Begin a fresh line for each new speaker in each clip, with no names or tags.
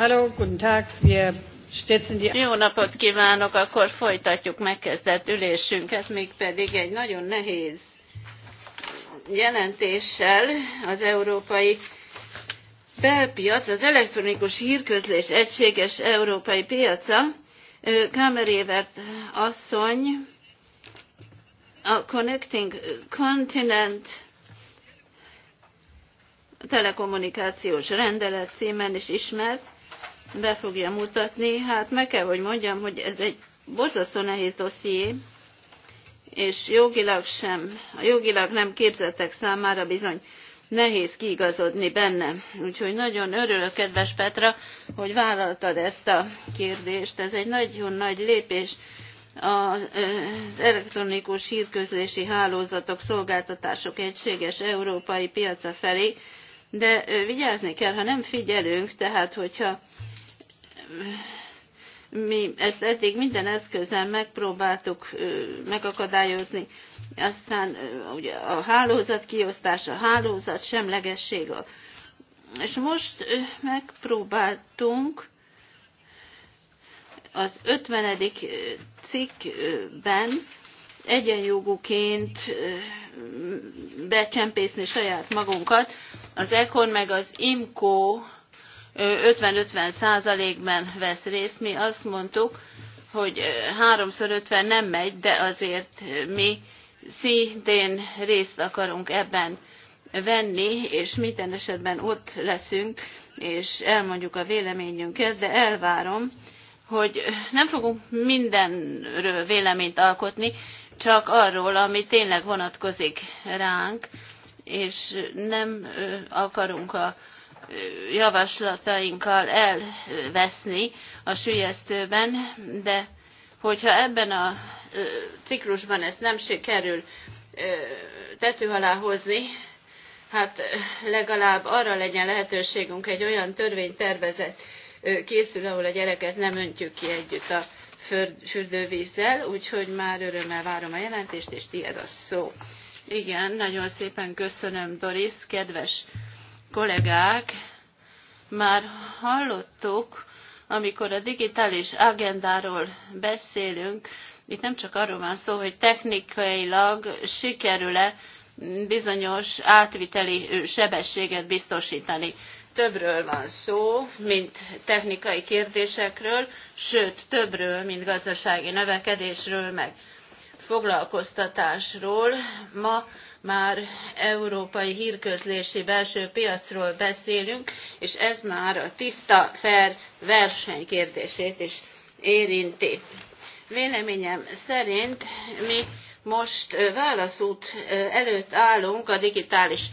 Hello, guten Tag. Wir jó napot kívánok, akkor folytatjuk megkezdett ülésünket, mégpedig egy nagyon nehéz jelentéssel az európai belpiac, az elektronikus hírközlés egységes európai piaca. Kamerévert asszony a Connecting Continent telekommunikációs rendelet címen is ismert, be fogja mutatni. Hát meg kell, hogy mondjam, hogy ez egy borzasztó nehéz dosszié, és jogilag sem, a jogilag nem képzettek számára bizony nehéz kiigazodni benne. Úgyhogy nagyon örülök, kedves Petra, hogy vállaltad ezt a kérdést. Ez egy nagyon nagy lépés az elektronikus hírközlési hálózatok, szolgáltatások egységes európai piaca felé, de vigyázni kell, ha nem figyelünk, tehát hogyha mi ezt eddig minden eszközzel megpróbáltuk megakadályozni. Aztán ugye a hálózat kiosztása, a hálózat semlegessége. És most megpróbáltunk az 50. cikkben egyenjogúként becsempészni saját magunkat. Az ECON meg az IMCO 50-50 százalékban vesz részt. Mi azt mondtuk, hogy 3x50 nem megy, de azért mi szintén részt akarunk ebben venni, és minden esetben ott leszünk, és elmondjuk a véleményünket, de elvárom, hogy nem fogunk mindenről véleményt alkotni, csak arról, ami tényleg vonatkozik ránk, és nem akarunk a javaslatainkkal elveszni a sülyeztőben, de hogyha ebben a ciklusban ezt nem sikerül tető alá hozni, hát legalább arra legyen lehetőségünk egy olyan törvénytervezet készül, ahol a gyereket nem öntjük ki együtt a fürdővízzel, úgyhogy már örömmel várom a jelentést, és tiéd a szó. Igen, nagyon szépen köszönöm, Doris, kedves kollégák, már hallottuk, amikor a digitális agendáról beszélünk, itt nem csak arról van szó, hogy technikailag sikerül-e bizonyos átviteli sebességet biztosítani. Többről van szó, mint technikai kérdésekről, sőt többről, mint gazdasági növekedésről, meg foglalkoztatásról. Ma már európai hírközlési belső piacról beszélünk, és ez már a tiszta, fair verseny kérdését is érinti. Véleményem szerint mi most válaszút előtt állunk a digitális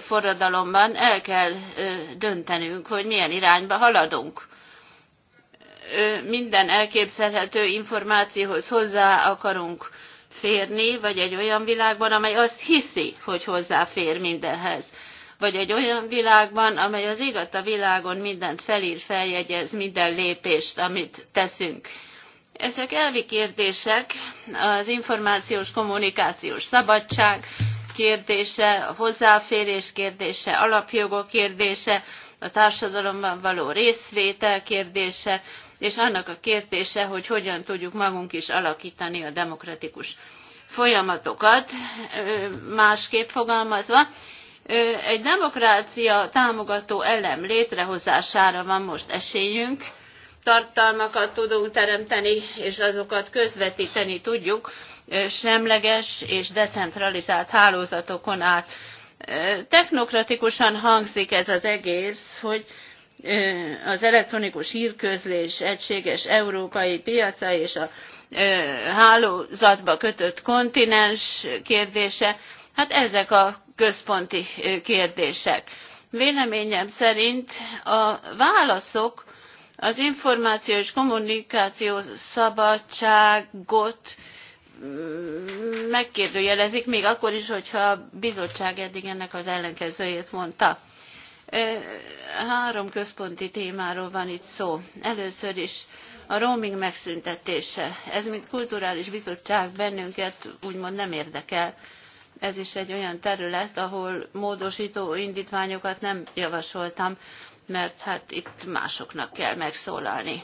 forradalomban, el kell döntenünk, hogy milyen irányba haladunk minden elképzelhető információhoz hozzá akarunk férni, vagy egy olyan világban, amely azt hiszi, hogy hozzáfér mindenhez vagy egy olyan világban, amely az igat a világon mindent felír, feljegyez, minden lépést, amit teszünk. Ezek elvi kérdések, az információs kommunikációs szabadság kérdése, a hozzáférés kérdése, alapjogok kérdése, a társadalomban való részvétel kérdése, és annak a kérdése, hogy hogyan tudjuk magunk is alakítani a demokratikus folyamatokat, másképp fogalmazva. Egy demokrácia támogató elem létrehozására van most esélyünk, tartalmakat tudunk teremteni, és azokat közvetíteni tudjuk semleges és decentralizált hálózatokon át. Technokratikusan hangzik ez az egész, hogy az elektronikus hírközlés egységes európai piaca és a hálózatba kötött kontinens kérdése, hát ezek a központi kérdések. Véleményem szerint a válaszok az információ és kommunikáció szabadságot mm, megkérdőjelezik, még akkor is, hogyha a bizottság eddig ennek az ellenkezőjét mondta Három központi témáról van itt szó. Először is a roaming megszüntetése. Ez, mint kulturális bizottság bennünket úgymond nem érdekel. Ez is egy olyan terület, ahol módosító indítványokat nem javasoltam, mert hát itt másoknak kell megszólalni.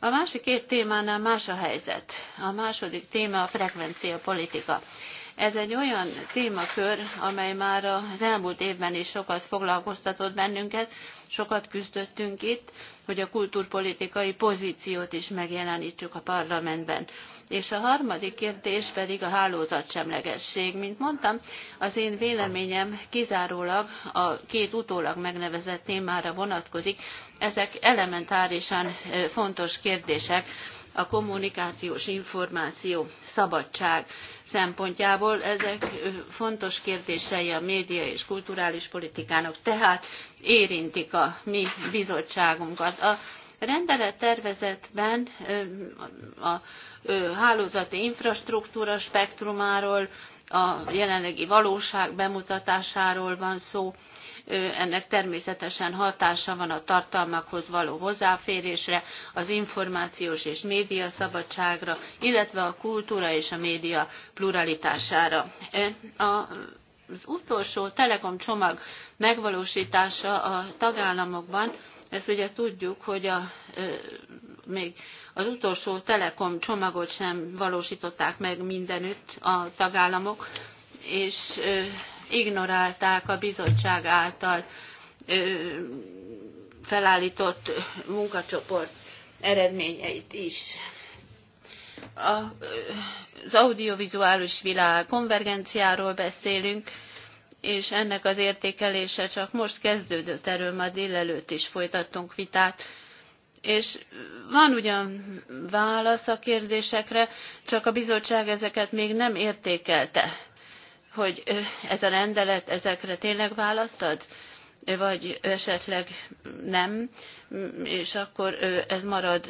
A másik két témánál más a helyzet. A második téma a frekvenciapolitika. politika ez egy olyan témakör, amely már az elmúlt évben is sokat foglalkoztatott bennünket, sokat küzdöttünk itt, hogy a kulturpolitikai pozíciót is megjelenítsük a parlamentben. És a harmadik kérdés pedig a hálózatsemlegesség. Mint mondtam, az én véleményem kizárólag a két utólag megnevezett témára vonatkozik. Ezek elementárisan fontos kérdések a kommunikációs információ szabadság szempontjából. Ezek fontos kérdései a média és kulturális politikának, tehát érintik a mi bizottságunkat. A rendelet tervezetben a hálózati infrastruktúra spektrumáról, a jelenlegi valóság bemutatásáról van szó, ennek természetesen hatása van a tartalmakhoz való hozzáférésre, az információs és média szabadságra, illetve a kultúra és a média pluralitására. az utolsó telekom csomag megvalósítása a tagállamokban, ezt ugye tudjuk, hogy a, még az utolsó telekom csomagot sem valósították meg mindenütt a tagállamok, és ignorálták a bizottság által felállított munkacsoport eredményeit is. Az audiovizuális világ konvergenciáról beszélünk, és ennek az értékelése csak most kezdődött, erről ma délelőtt is folytattunk vitát. És van ugyan válasz a kérdésekre, csak a bizottság ezeket még nem értékelte hogy ez a rendelet ezekre tényleg választ ad? vagy esetleg nem, és akkor ez marad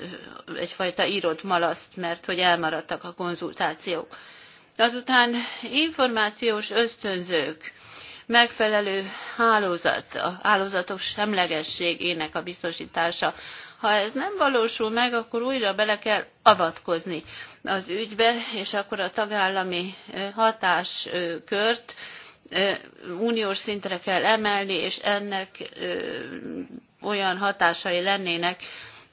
egyfajta írott malaszt, mert hogy elmaradtak a konzultációk. Azután információs ösztönzők, megfelelő hálózat, a hálózatos semlegességének a biztosítása ha ez nem valósul meg, akkor újra bele kell avatkozni az ügybe, és akkor a tagállami hatáskört uniós szintre kell emelni, és ennek olyan hatásai lennének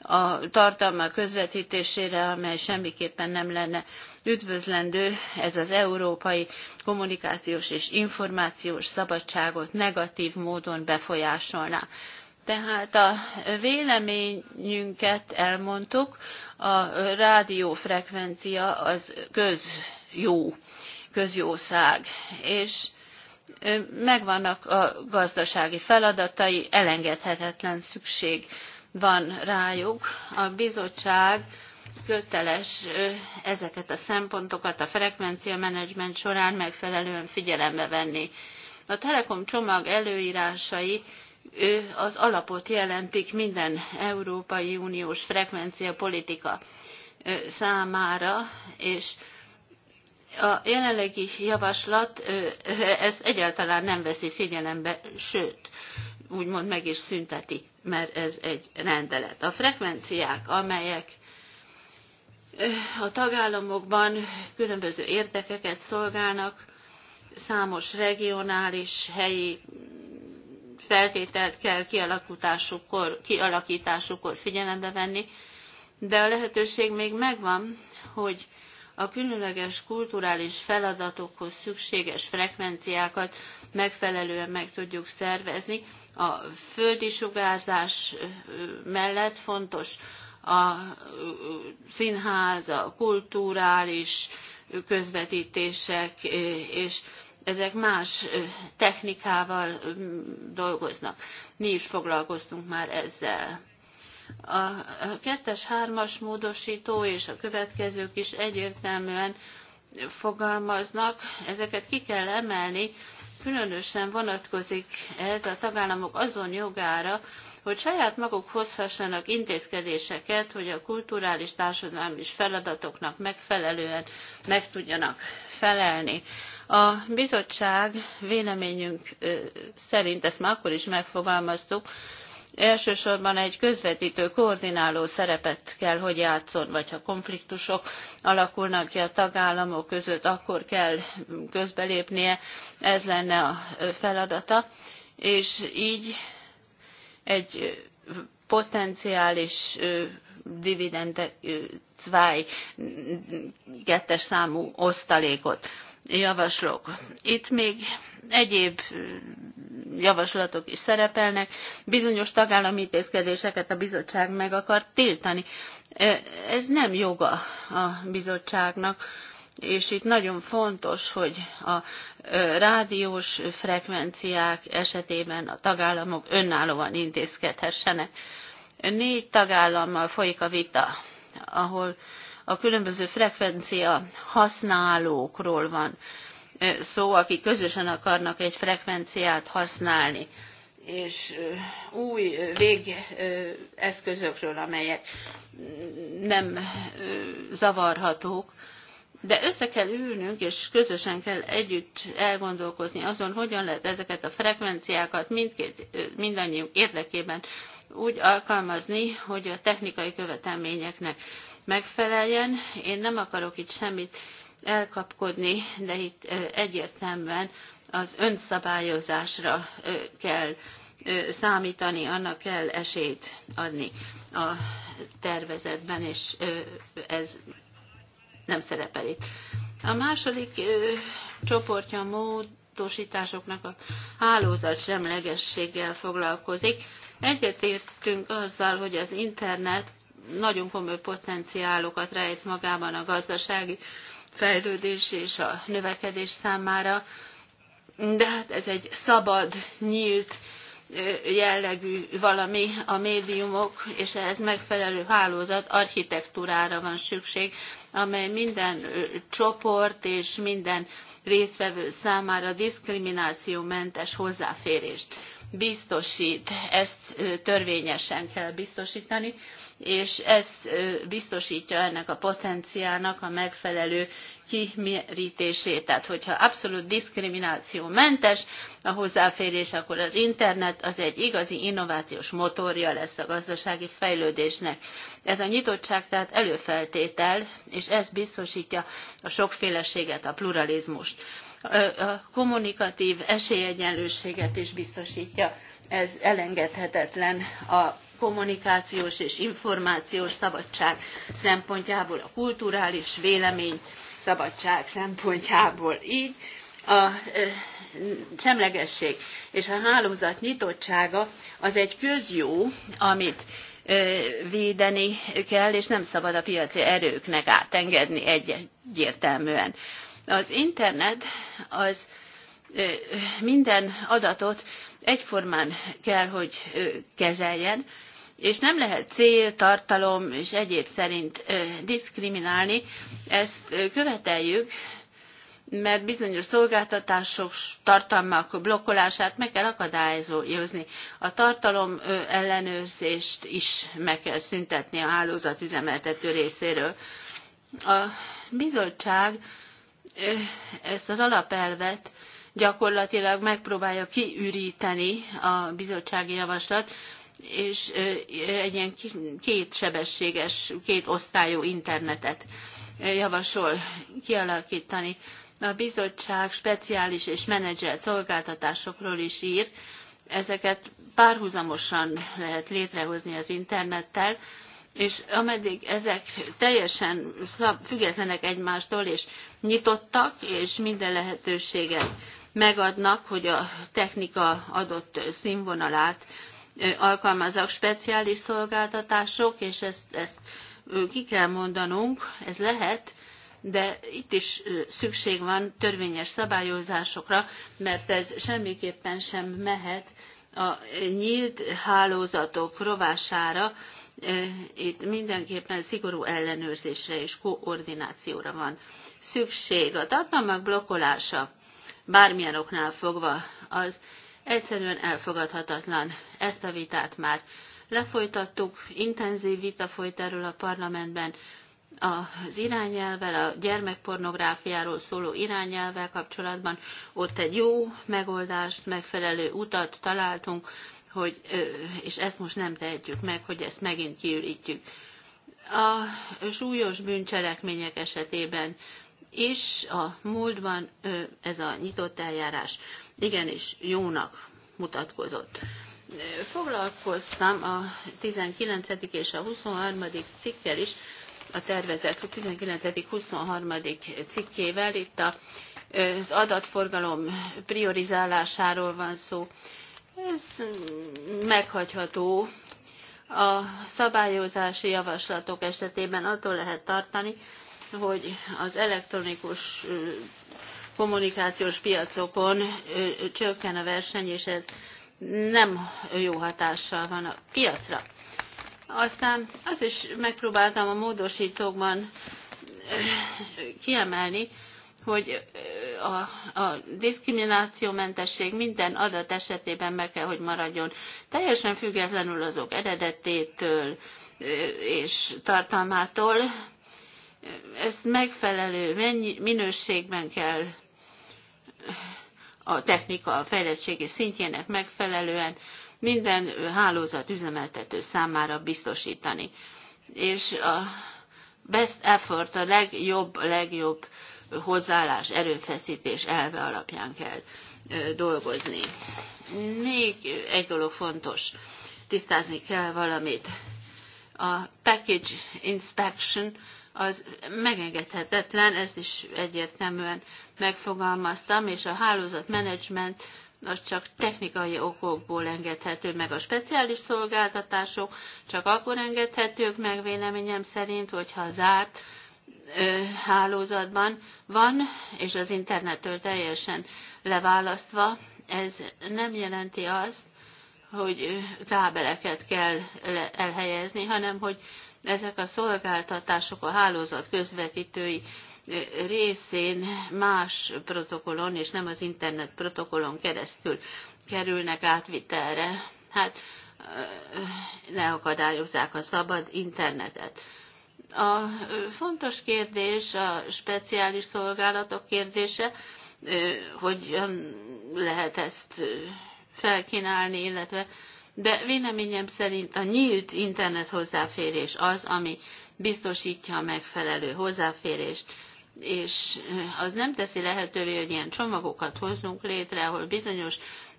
a tartalma közvetítésére, amely semmiképpen nem lenne üdvözlendő. Ez az európai kommunikációs és információs szabadságot negatív módon befolyásolná. Tehát a véleményünket elmondtuk, a rádiófrekvencia az közjó, közjószág, és megvannak a gazdasági feladatai, elengedhetetlen szükség van rájuk. A bizottság köteles ezeket a szempontokat a frekvencia menedzsment során megfelelően figyelembe venni. A Telekom csomag előírásai az alapot jelentik minden Európai Uniós frekvencia politika számára, és a jelenlegi javaslat ezt egyáltalán nem veszi figyelembe, sőt, úgymond meg is szünteti, mert ez egy rendelet. A frekvenciák, amelyek a tagállamokban különböző érdekeket szolgálnak, számos regionális, helyi feltételt kell kialakításukor, kialakításukor figyelembe venni, de a lehetőség még megvan, hogy a különleges kulturális feladatokhoz szükséges frekvenciákat megfelelően meg tudjuk szervezni. A földi sugárzás mellett fontos a színház, a kulturális közvetítések és ezek más technikával dolgoznak. Mi is foglalkoztunk már ezzel. A kettes-hármas módosító és a következők is egyértelműen fogalmaznak, ezeket ki kell emelni, különösen vonatkozik ez a tagállamok azon jogára, hogy saját maguk hozhassanak intézkedéseket, hogy a kulturális társadalmi feladatoknak megfelelően meg tudjanak felelni. A bizottság véleményünk szerint, ezt már akkor is megfogalmaztuk, elsősorban egy közvetítő koordináló szerepet kell hogy játszon vagy ha konfliktusok alakulnak ki a tagállamok között akkor kell közbelépnie ez lenne a feladata és így egy potenciális dividende zwei kettes számú osztalékot javaslok. Itt még egyéb javaslatok is szerepelnek. Bizonyos tagállami intézkedéseket a bizottság meg akar tiltani. Ez nem joga a bizottságnak, és itt nagyon fontos, hogy a rádiós frekvenciák esetében a tagállamok önállóan intézkedhessenek. Négy tagállammal folyik a vita, ahol a különböző frekvencia használókról van szó, akik közösen akarnak egy frekvenciát használni és új végeszközökről, amelyek nem zavarhatók, de össze kell ülnünk, és közösen kell együtt elgondolkozni azon, hogyan lehet ezeket a frekvenciákat mindkét, mindannyiunk érdekében úgy alkalmazni, hogy a technikai követelményeknek megfeleljen. Én nem akarok itt semmit elkapkodni, de itt egyértelműen az önszabályozásra kell számítani, annak kell esélyt adni a tervezetben, és ez nem szerepel itt. A második csoportja a módosításoknak a hálózat semlegességgel foglalkozik. Egyetértünk azzal, hogy az internet nagyon komoly potenciálokat rejt magában a gazdasági fejlődés és a növekedés számára, de hát ez egy szabad, nyílt jellegű valami a médiumok, és ehhez megfelelő hálózat architektúrára van szükség, amely minden csoport és minden résztvevő számára diszkriminációmentes hozzáférést biztosít, ezt törvényesen kell biztosítani, és ez biztosítja ennek a potenciának a megfelelő kimerítését. Tehát, hogyha abszolút diszkriminációmentes a hozzáférés, akkor az internet az egy igazi innovációs motorja lesz a gazdasági fejlődésnek. Ez a nyitottság tehát előfeltétel, és ez biztosítja a sokféleséget, a pluralizmust a esélyegyenlőséget is biztosítja. Ez elengedhetetlen a kommunikációs és információs szabadság szempontjából, a kulturális vélemény szabadság szempontjából. Így a semlegesség és a hálózat nyitottsága az egy közjó, amit védeni kell, és nem szabad a piaci erőknek átengedni egy egyértelműen. Az internet az minden adatot egyformán kell, hogy kezeljen, és nem lehet cél, tartalom és egyéb szerint diszkriminálni. Ezt követeljük, mert bizonyos szolgáltatások tartalmak blokkolását meg kell akadályozni. A tartalom ellenőrzést is meg kell szüntetni a hálózat üzemeltető részéről. A bizottság ezt az alapelvet gyakorlatilag megpróbálja kiüríteni a bizottsági javaslat, és egy ilyen két sebességes, két osztályú internetet javasol kialakítani. A bizottság speciális és menedzselt szolgáltatásokról is ír, ezeket párhuzamosan lehet létrehozni az internettel, és ameddig ezek teljesen függetlenek egymástól, és nyitottak, és minden lehetőséget megadnak, hogy a technika adott színvonalát alkalmazzak speciális szolgáltatások, és ezt, ezt ki kell mondanunk, ez lehet, de itt is szükség van törvényes szabályozásokra, mert ez semmiképpen sem mehet a nyílt hálózatok rovására, itt mindenképpen szigorú ellenőrzésre és koordinációra van szükség. A tartalmak blokkolása bármilyen oknál fogva az egyszerűen elfogadhatatlan. Ezt a vitát már lefolytattuk, intenzív vita folyt erről a parlamentben, az irányelvel, a gyermekpornográfiáról szóló irányelvel kapcsolatban ott egy jó megoldást, megfelelő utat találtunk, hogy, és ezt most nem tehetjük meg, hogy ezt megint kiürítjük. A súlyos bűncselekmények esetében is a múltban ez a nyitott eljárás igenis jónak mutatkozott. Foglalkoztam a 19. és a 23. cikkel is, a tervezett 19.-23. cikkével. Itt az adatforgalom priorizálásáról van szó, ez meghagyható. A szabályozási javaslatok esetében attól lehet tartani, hogy az elektronikus kommunikációs piacokon csökken a verseny, és ez nem jó hatással van a piacra. Aztán azt is megpróbáltam a módosítókban kiemelni, hogy a, diszkriminációmentesség minden adat esetében meg kell, hogy maradjon, teljesen függetlenül azok eredetétől és tartalmától. Ezt megfelelő minőségben kell a technika fejlettségi szintjének megfelelően minden hálózat üzemeltető számára biztosítani. És a best effort, a legjobb, legjobb hozzáállás, erőfeszítés elve alapján kell dolgozni. Még egy dolog fontos, tisztázni kell valamit. A package inspection az megengedhetetlen, ezt is egyértelműen megfogalmaztam, és a hálózat management az csak technikai okokból engedhető meg. A speciális szolgáltatások csak akkor engedhetők meg véleményem szerint, hogyha zárt hálózatban van, és az internettől teljesen leválasztva, ez nem jelenti azt, hogy kábeleket kell elhelyezni, hanem hogy ezek a szolgáltatások a hálózat közvetítői részén más protokollon és nem az internet protokollon keresztül kerülnek átvitelre. Hát ne akadályozzák a szabad internetet. A fontos kérdés a speciális szolgálatok kérdése, hogy lehet ezt felkínálni, illetve de véleményem szerint a nyílt internet hozzáférés az, ami biztosítja a megfelelő hozzáférést és eh, az nem teszi lehetővé, hogy ilyen csomagokat hozzunk létre, ahol bizonyos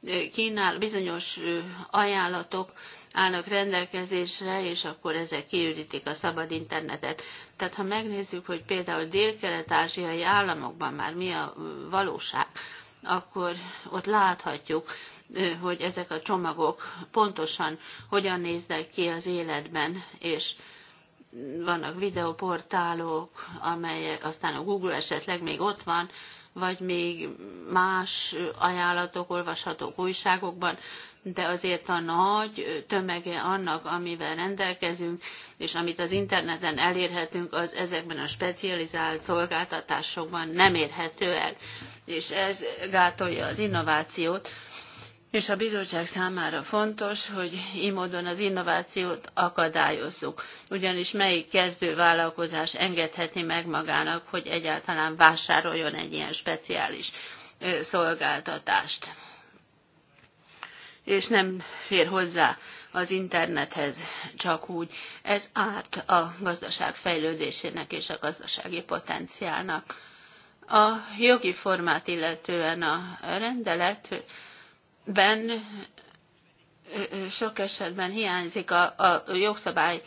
eh, kínál, bizonyos eh, ajánlatok állnak rendelkezésre, és akkor ezek kiürítik a szabad internetet. Tehát ha megnézzük, hogy például dél-kelet-ázsiai államokban már mi a valóság, akkor ott láthatjuk, hogy ezek a csomagok pontosan hogyan néznek ki az életben, és vannak videoportálok, amelyek aztán a Google esetleg még ott van, vagy még más ajánlatok olvashatók újságokban, de azért a nagy tömege annak, amivel rendelkezünk, és amit az interneten elérhetünk, az ezekben a specializált szolgáltatásokban nem érhető el. És ez gátolja az innovációt, és a bizottság számára fontos, hogy így módon az innovációt akadályozzuk, ugyanis melyik kezdő vállalkozás engedheti meg magának, hogy egyáltalán vásároljon egy ilyen speciális szolgáltatást. És nem fér hozzá az internethez csak úgy. Ez árt a gazdaság fejlődésének és a gazdasági potenciálnak. A jogi formát illetően a rendelet ben sok esetben hiányzik a, a jogszabály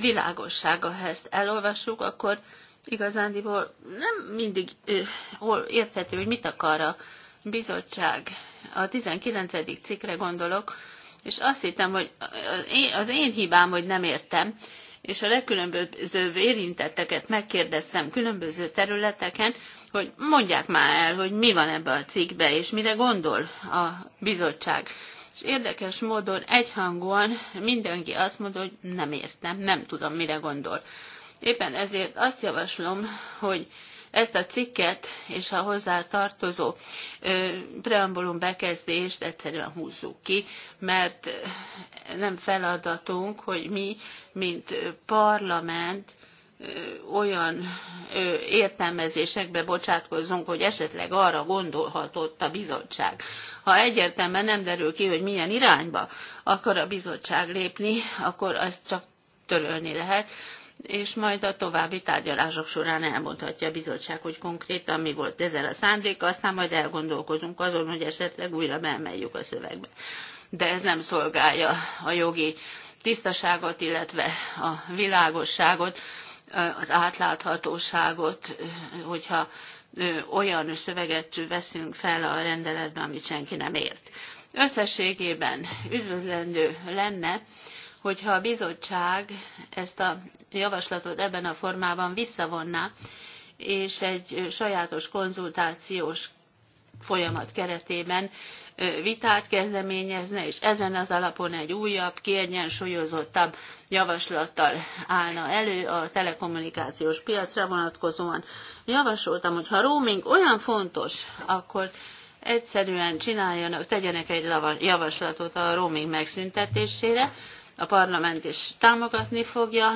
világossága, ha ezt elolvassuk, akkor igazándiból nem mindig érthető, hogy mit akar a bizottság. A 19. cikkre gondolok, és azt hittem, hogy az én, az én hibám, hogy nem értem, és a legkülönbözőbb érintetteket megkérdeztem különböző területeken, hogy mondják már el, hogy mi van ebbe a cikkbe, és mire gondol a bizottság. És érdekes módon egyhangúan mindenki azt mondta, hogy nem értem, nem tudom, mire gondol. Éppen ezért azt javaslom, hogy ezt a cikket és a hozzá tartozó preambulum bekezdést egyszerűen húzzuk ki, mert nem feladatunk, hogy mi, mint parlament, olyan értelmezésekbe bocsátkozzunk, hogy esetleg arra gondolhatott a bizottság. Ha egyértelműen nem derül ki, hogy milyen irányba akar a bizottság lépni, akkor azt csak törölni lehet, és majd a további tárgyalások során elmondhatja a bizottság, hogy konkrétan mi volt ezzel a szándék, aztán majd elgondolkozunk azon, hogy esetleg újra beemeljük a szövegbe. De ez nem szolgálja a jogi tisztaságot, illetve a világosságot, az átláthatóságot, hogyha olyan szöveget veszünk fel a rendeletbe, amit senki nem ért. Összességében üdvözlendő lenne, hogyha a bizottság ezt a javaslatot ebben a formában visszavonná, és egy sajátos konzultációs folyamat keretében vitát kezdeményezne, és ezen az alapon egy újabb, kiegyensúlyozottabb javaslattal állna elő a telekommunikációs piacra vonatkozóan. Javasoltam, hogy ha roaming olyan fontos, akkor egyszerűen csináljanak, tegyenek egy javaslatot a roaming megszüntetésére, a parlament is támogatni fogja,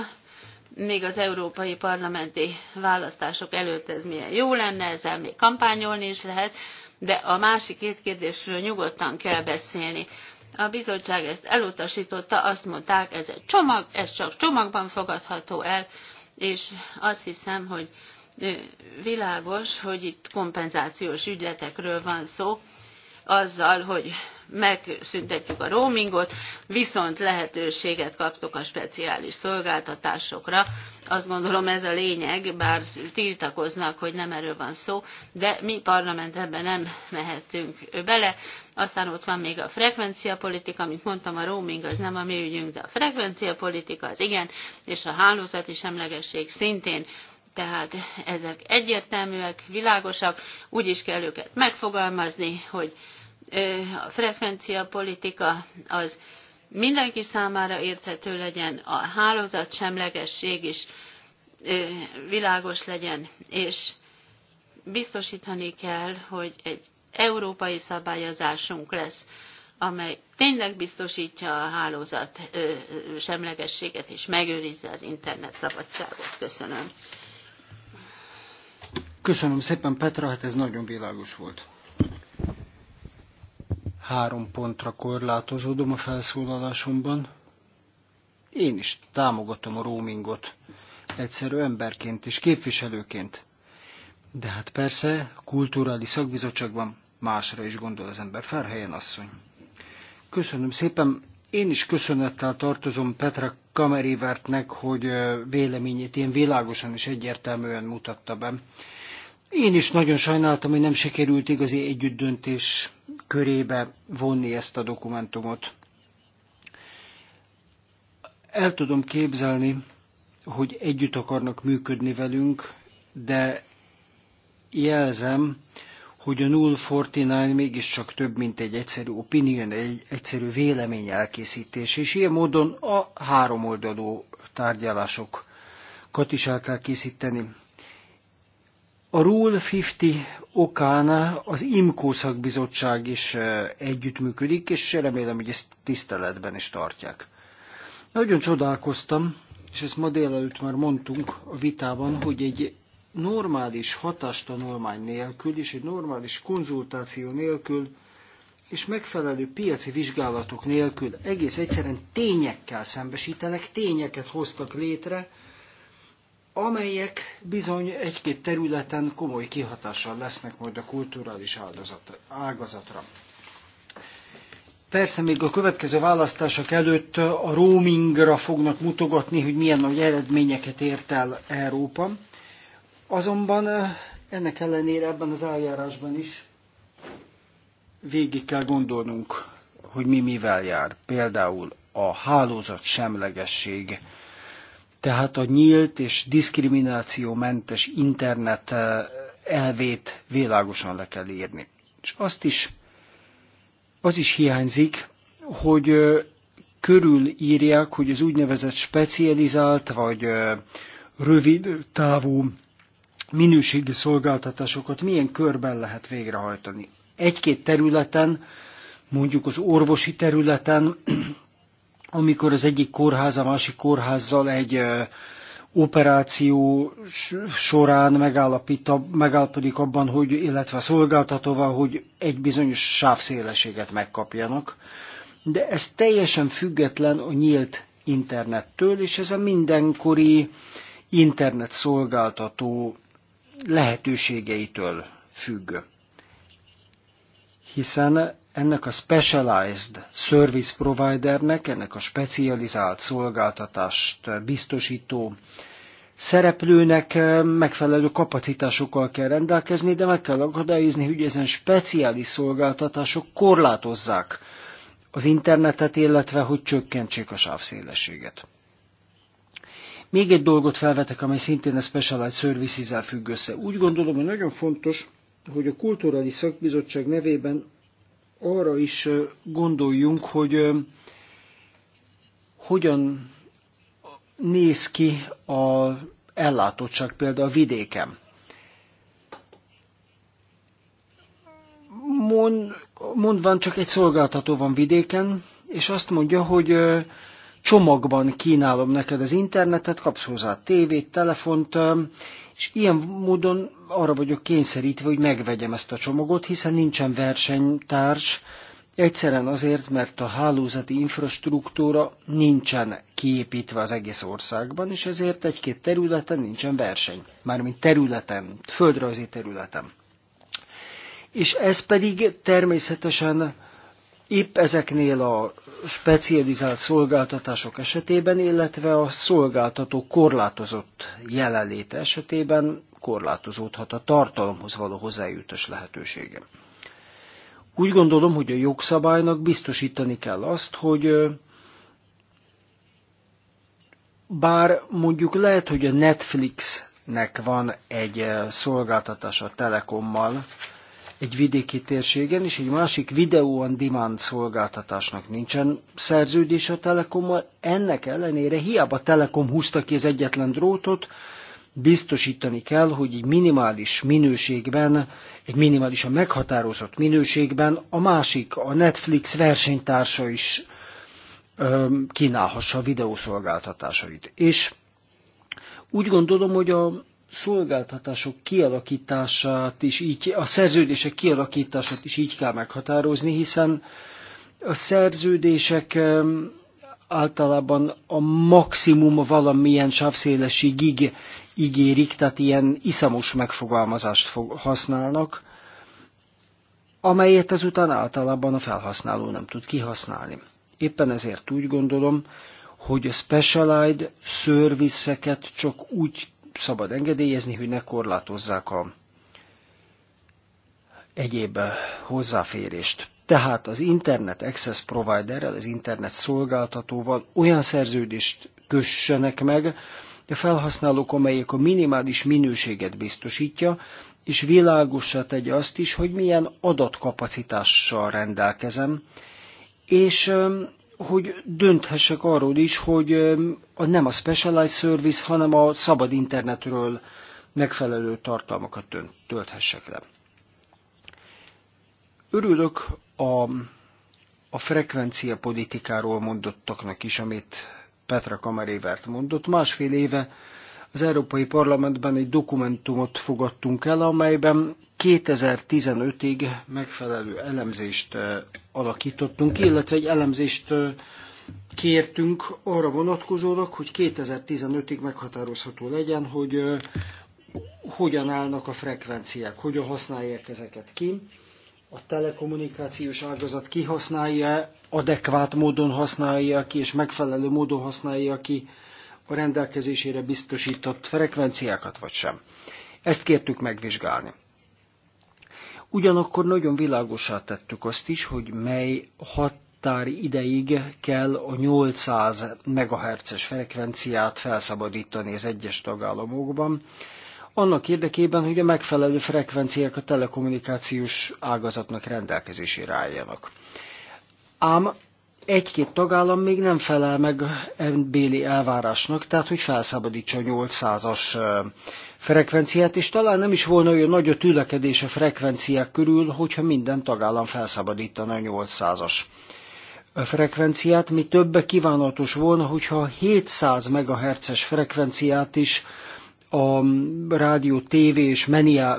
még az európai parlamenti választások előtt ez milyen jó lenne, ezzel még kampányolni is lehet, de a másik két kérdésről nyugodtan kell beszélni. A bizottság ezt elutasította, azt mondták, ez egy csomag, ez csak csomagban fogadható el, és azt hiszem, hogy világos, hogy itt kompenzációs ügyletekről van szó, azzal, hogy megszüntetjük a roamingot, viszont lehetőséget kaptok a speciális szolgáltatásokra. Azt gondolom ez a lényeg, bár tiltakoznak, hogy nem erről van szó, de mi parlament ebben nem mehetünk bele. Aztán ott van még a frekvenciapolitika, mint mondtam, a roaming az nem a mi ügyünk, de a frekvenciapolitika az igen, és a hálózati semlegesség szintén tehát ezek egyértelműek, világosak, úgy is kell őket megfogalmazni, hogy a frekvencia politika az mindenki számára érthető legyen, a hálózat semlegesség is világos legyen, és biztosítani kell, hogy egy európai szabályozásunk lesz, amely tényleg biztosítja a hálózat semlegességet és megőrizze az internet szabadságot. Köszönöm.
Köszönöm szépen, Petra, hát ez nagyon világos volt. Három pontra korlátozódom a felszólalásomban. Én is támogatom a roamingot, egyszerű emberként és képviselőként. De hát persze, kulturális szakbizottságban másra is gondol az ember. Ferhelyen asszony. Köszönöm szépen. Én is köszönettel tartozom Petra Kamerivertnek, hogy véleményét ilyen világosan és egyértelműen mutatta be. Én is nagyon sajnáltam, hogy nem sikerült igazi együttdöntés körébe vonni ezt a dokumentumot. El tudom képzelni, hogy együtt akarnak működni velünk, de jelzem, hogy a 049 mégiscsak több, mint egy egyszerű opinion, egy egyszerű vélemény elkészítés, és ilyen módon a háromoldalú tárgyalásokat is el kell készíteni. A Rule 50 okán az IMCO szakbizottság is együttműködik, és remélem, hogy ezt tiszteletben is tartják. Nagyon csodálkoztam, és ezt ma délelőtt már mondtunk a vitában, hogy egy normális hatástanulmány nélkül és egy normális konzultáció nélkül és megfelelő piaci vizsgálatok nélkül egész egyszerűen tényekkel szembesítenek, tényeket hoztak létre, amelyek bizony egy-két területen komoly kihatással lesznek majd a kulturális ágazatra. Persze még a következő választások előtt a roamingra fognak mutogatni, hogy milyen nagy eredményeket ért el Európa. Azonban eh, ennek ellenére ebben az eljárásban is végig kell gondolnunk, hogy mi mivel jár. Például a hálózat semlegesség tehát a nyílt és diszkriminációmentes internet eh, elvét világosan le kell írni. És azt is, az is hiányzik, hogy eh, körülírják, hogy az úgynevezett specializált vagy eh, rövid távú minőségi szolgáltatásokat milyen körben lehet végrehajtani. Egy-két területen, mondjuk az orvosi területen amikor az egyik kórház a másik kórházzal egy operáció során megállapodik abban, hogy, illetve a szolgáltatóval, hogy egy bizonyos sávszélességet megkapjanak. De ez teljesen független a nyílt internettől, és ez a mindenkori internet szolgáltató lehetőségeitől függ. Hiszen ennek a specialized service providernek, ennek a specializált szolgáltatást biztosító szereplőnek eh, megfelelő kapacitásokkal kell rendelkezni, de meg kell akadályozni, hogy ezen speciális szolgáltatások korlátozzák az internetet, illetve hogy csökkentsék a sávszélességet. Még egy dolgot felvetek, amely szintén a Specialized Services-el függ össze. Úgy gondolom, hogy nagyon fontos, hogy a Kulturális Szakbizottság nevében arra is gondoljunk, hogy hogyan néz ki a ellátottság például a vidéken. Mond, mondván csak egy szolgáltató van vidéken, és azt mondja, hogy csomagban kínálom neked az internetet, kapsz hozzá tévét, telefont, és ilyen módon arra vagyok kényszerítve, hogy megvegyem ezt a csomagot, hiszen nincsen versenytárs, egyszerűen azért, mert a hálózati infrastruktúra nincsen kiépítve az egész országban, és ezért egy-két területen nincsen verseny, mármint területen, földrajzi területen. És ez pedig természetesen épp ezeknél a specializált szolgáltatások esetében, illetve a szolgáltató korlátozott jelenléte esetében korlátozódhat a tartalomhoz való hozzájutás lehetősége. Úgy gondolom, hogy a jogszabálynak biztosítani kell azt, hogy bár mondjuk lehet, hogy a Netflixnek van egy szolgáltatása Telekommal, egy vidéki térségen, és egy másik videó on demand szolgáltatásnak nincsen szerződés a Telekommal. Ennek ellenére hiába Telekom húzta ki az egyetlen drótot, biztosítani kell, hogy egy minimális minőségben, egy minimálisan meghatározott minőségben a másik, a Netflix versenytársa is kínálhassa a videószolgáltatásait. És úgy gondolom, hogy a szolgáltatások kialakítását is így, a szerződések kialakítását is így kell meghatározni, hiszen a szerződések általában a maximum valamilyen sávszélességig ígérik, tehát ilyen iszamos megfogalmazást fog, használnak, amelyet azután általában a felhasználó nem tud kihasználni. Éppen ezért úgy gondolom, hogy a specialized service-eket csak úgy szabad engedélyezni, hogy ne korlátozzák a egyéb eh, hozzáférést. Tehát az Internet Access Providerrel, az internet szolgáltatóval olyan szerződést kössenek meg, a felhasználók, amelyek a minimális minőséget biztosítja, és világosra tegye azt is, hogy milyen adatkapacitással rendelkezem, és hogy dönthessek arról is, hogy a nem a specialized service, hanem a szabad internetről megfelelő tartalmakat tölthessek le. Örülök a, a frekvencia politikáról mondottaknak is, amit Petra Kamerévert mondott. Másfél éve az Európai Parlamentben egy dokumentumot fogadtunk el, amelyben 2015-ig megfelelő elemzést alakítottunk, illetve egy elemzést kértünk arra vonatkozólag, hogy 2015-ig meghatározható legyen, hogy hogyan állnak a frekvenciák, hogyan használják ezeket ki, a telekommunikációs ágazat kihasználja, adekvát módon használja ki, és megfelelő módon használja ki a rendelkezésére biztosított frekvenciákat, vagy sem. Ezt kértük megvizsgálni. Ugyanakkor nagyon világosá tettük azt is, hogy mely határ ideig kell a 800 MHz-es frekvenciát felszabadítani az egyes tagállamokban, annak érdekében, hogy a megfelelő frekvenciák a telekommunikációs ágazatnak rendelkezésére álljanak. Ám egy-két tagállam még nem felel meg béli elvárásnak, tehát hogy felszabadítsa a 800-as frekvenciát, és talán nem is volna olyan nagy a tülekedés a frekvenciák körül, hogyha minden tagállam felszabadítana a 800-as frekvenciát, mi többe kívánatos volna, hogyha 700 MHz-es frekvenciát is a rádió, tévé és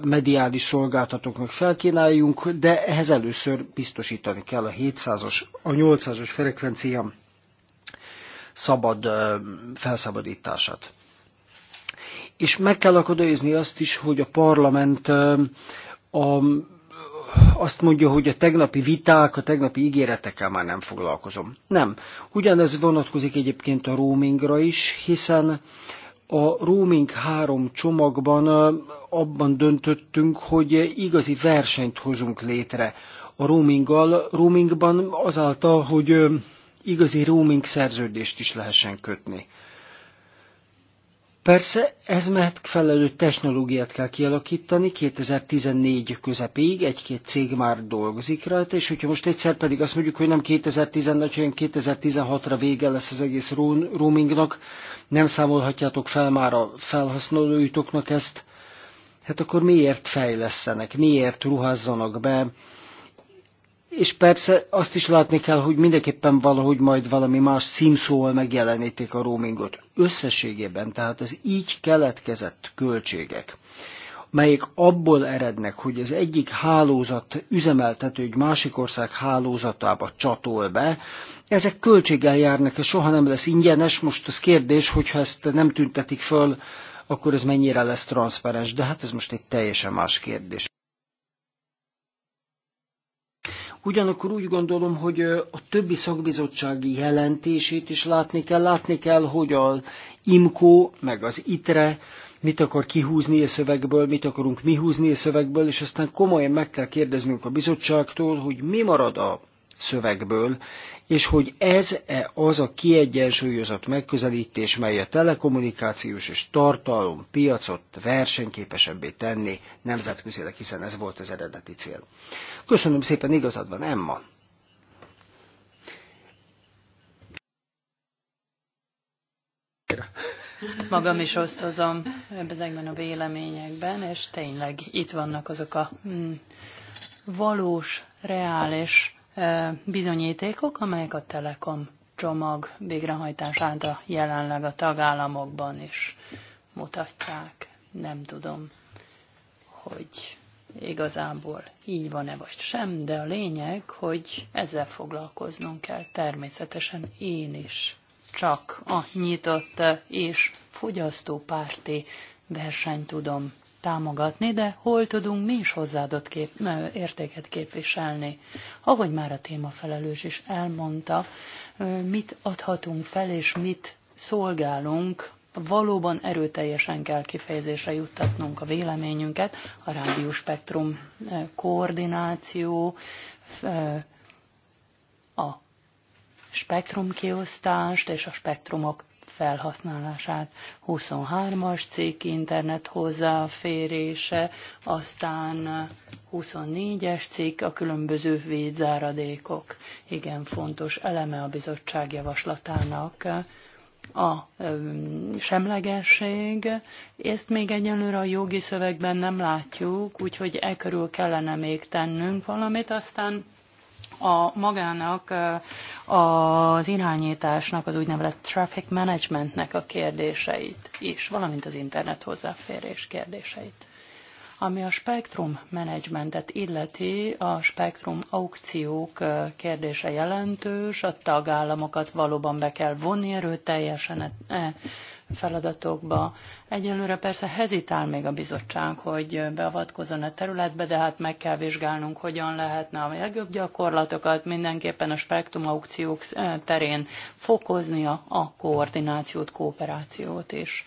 mediális szolgáltatóknak felkínáljunk, de ehhez először biztosítani kell a 700-as, a 800-as frekvencia szabad felszabadítását. És meg kell akadályozni azt is, hogy a parlament a, azt mondja, hogy a tegnapi viták, a tegnapi ígéretekkel már nem foglalkozom. Nem. Ugyanez vonatkozik egyébként a roamingra is, hiszen a Roaming 3 csomagban abban döntöttünk, hogy igazi versenyt hozunk létre a roaminggal, roamingban azáltal, hogy igazi roaming szerződést is lehessen kötni. Persze ez megfelelő technológiát kell kialakítani, 2014 közepéig egy-két cég már dolgozik rajta, és hogyha most egyszer pedig azt mondjuk, hogy nem 2014, hanem 2016-ra vége lesz az egész roamingnak, nem számolhatjátok fel már a felhasználóitoknak ezt, hát akkor miért fejlesztenek, miért ruházzanak be és persze azt is látni kell, hogy mindenképpen valahogy majd valami más szímszóval megjelenítik a roamingot. Összességében, tehát az így keletkezett költségek, melyek abból erednek, hogy az egyik hálózat üzemeltető egy másik ország hálózatába csatol be, ezek költséggel járnak, és soha nem lesz ingyenes. Most az kérdés, hogyha ezt nem tüntetik föl, akkor ez mennyire lesz transzparens, de hát ez most egy teljesen más kérdés. Ugyanakkor úgy gondolom, hogy a többi szakbizottsági jelentését is látni kell. Látni kell, hogy a Imko meg az ITRE mit akar kihúzni a szövegből, mit akarunk mi húzni a szövegből, és aztán komolyan meg kell kérdeznünk a bizottságtól, hogy mi marad a szövegből, és hogy ez-e az a kiegyensúlyozott megközelítés, mely a telekommunikációs és tartalom piacot versenyképesebbé tenni nemzetközileg, hiszen ez volt az eredeti cél. Köszönöm szépen, igazad van, Emma.
Magam is osztozom ezekben a véleményekben, és tényleg itt vannak azok a mm, valós, reális bizonyítékok, amelyek a Telekom csomag végrehajtását a jelenleg a tagállamokban is mutatják. Nem tudom, hogy igazából így van-e vagy sem, de a lényeg, hogy ezzel foglalkoznunk kell. Természetesen én is csak a nyitott és fogyasztópárti versenyt tudom támogatni, de hol tudunk mi is hozzáadott kép, értéket képviselni. Ahogy már a témafelelős is elmondta, mit adhatunk fel és mit szolgálunk, valóban erőteljesen kell kifejezésre juttatnunk a véleményünket, a rádióspektrum koordináció, a spektrumkiosztást és a spektrumok felhasználását. 23-as cikk internet hozzáférése, aztán 24-es cikk a különböző védzáradékok. Igen fontos eleme a bizottság javaslatának a semlegesség. Ezt még egyelőre a jogi szövegben nem látjuk, úgyhogy e körül kellene még tennünk valamit, aztán a magának, az irányításnak, az úgynevezett traffic managementnek a kérdéseit is, valamint az internet hozzáférés kérdéseit. Ami a spektrum menedzsmentet illeti, a spektrum aukciók kérdése jelentős, a tagállamokat valóban be kell vonni erőteljesen e, e, feladatokba. Egyelőre persze hezitál még a bizottság, hogy beavatkozzon a területbe, de hát meg kell vizsgálnunk, hogyan lehetne a legjobb gyakorlatokat mindenképpen a spektrum aukciók e, terén fokozni a koordinációt, kooperációt is. És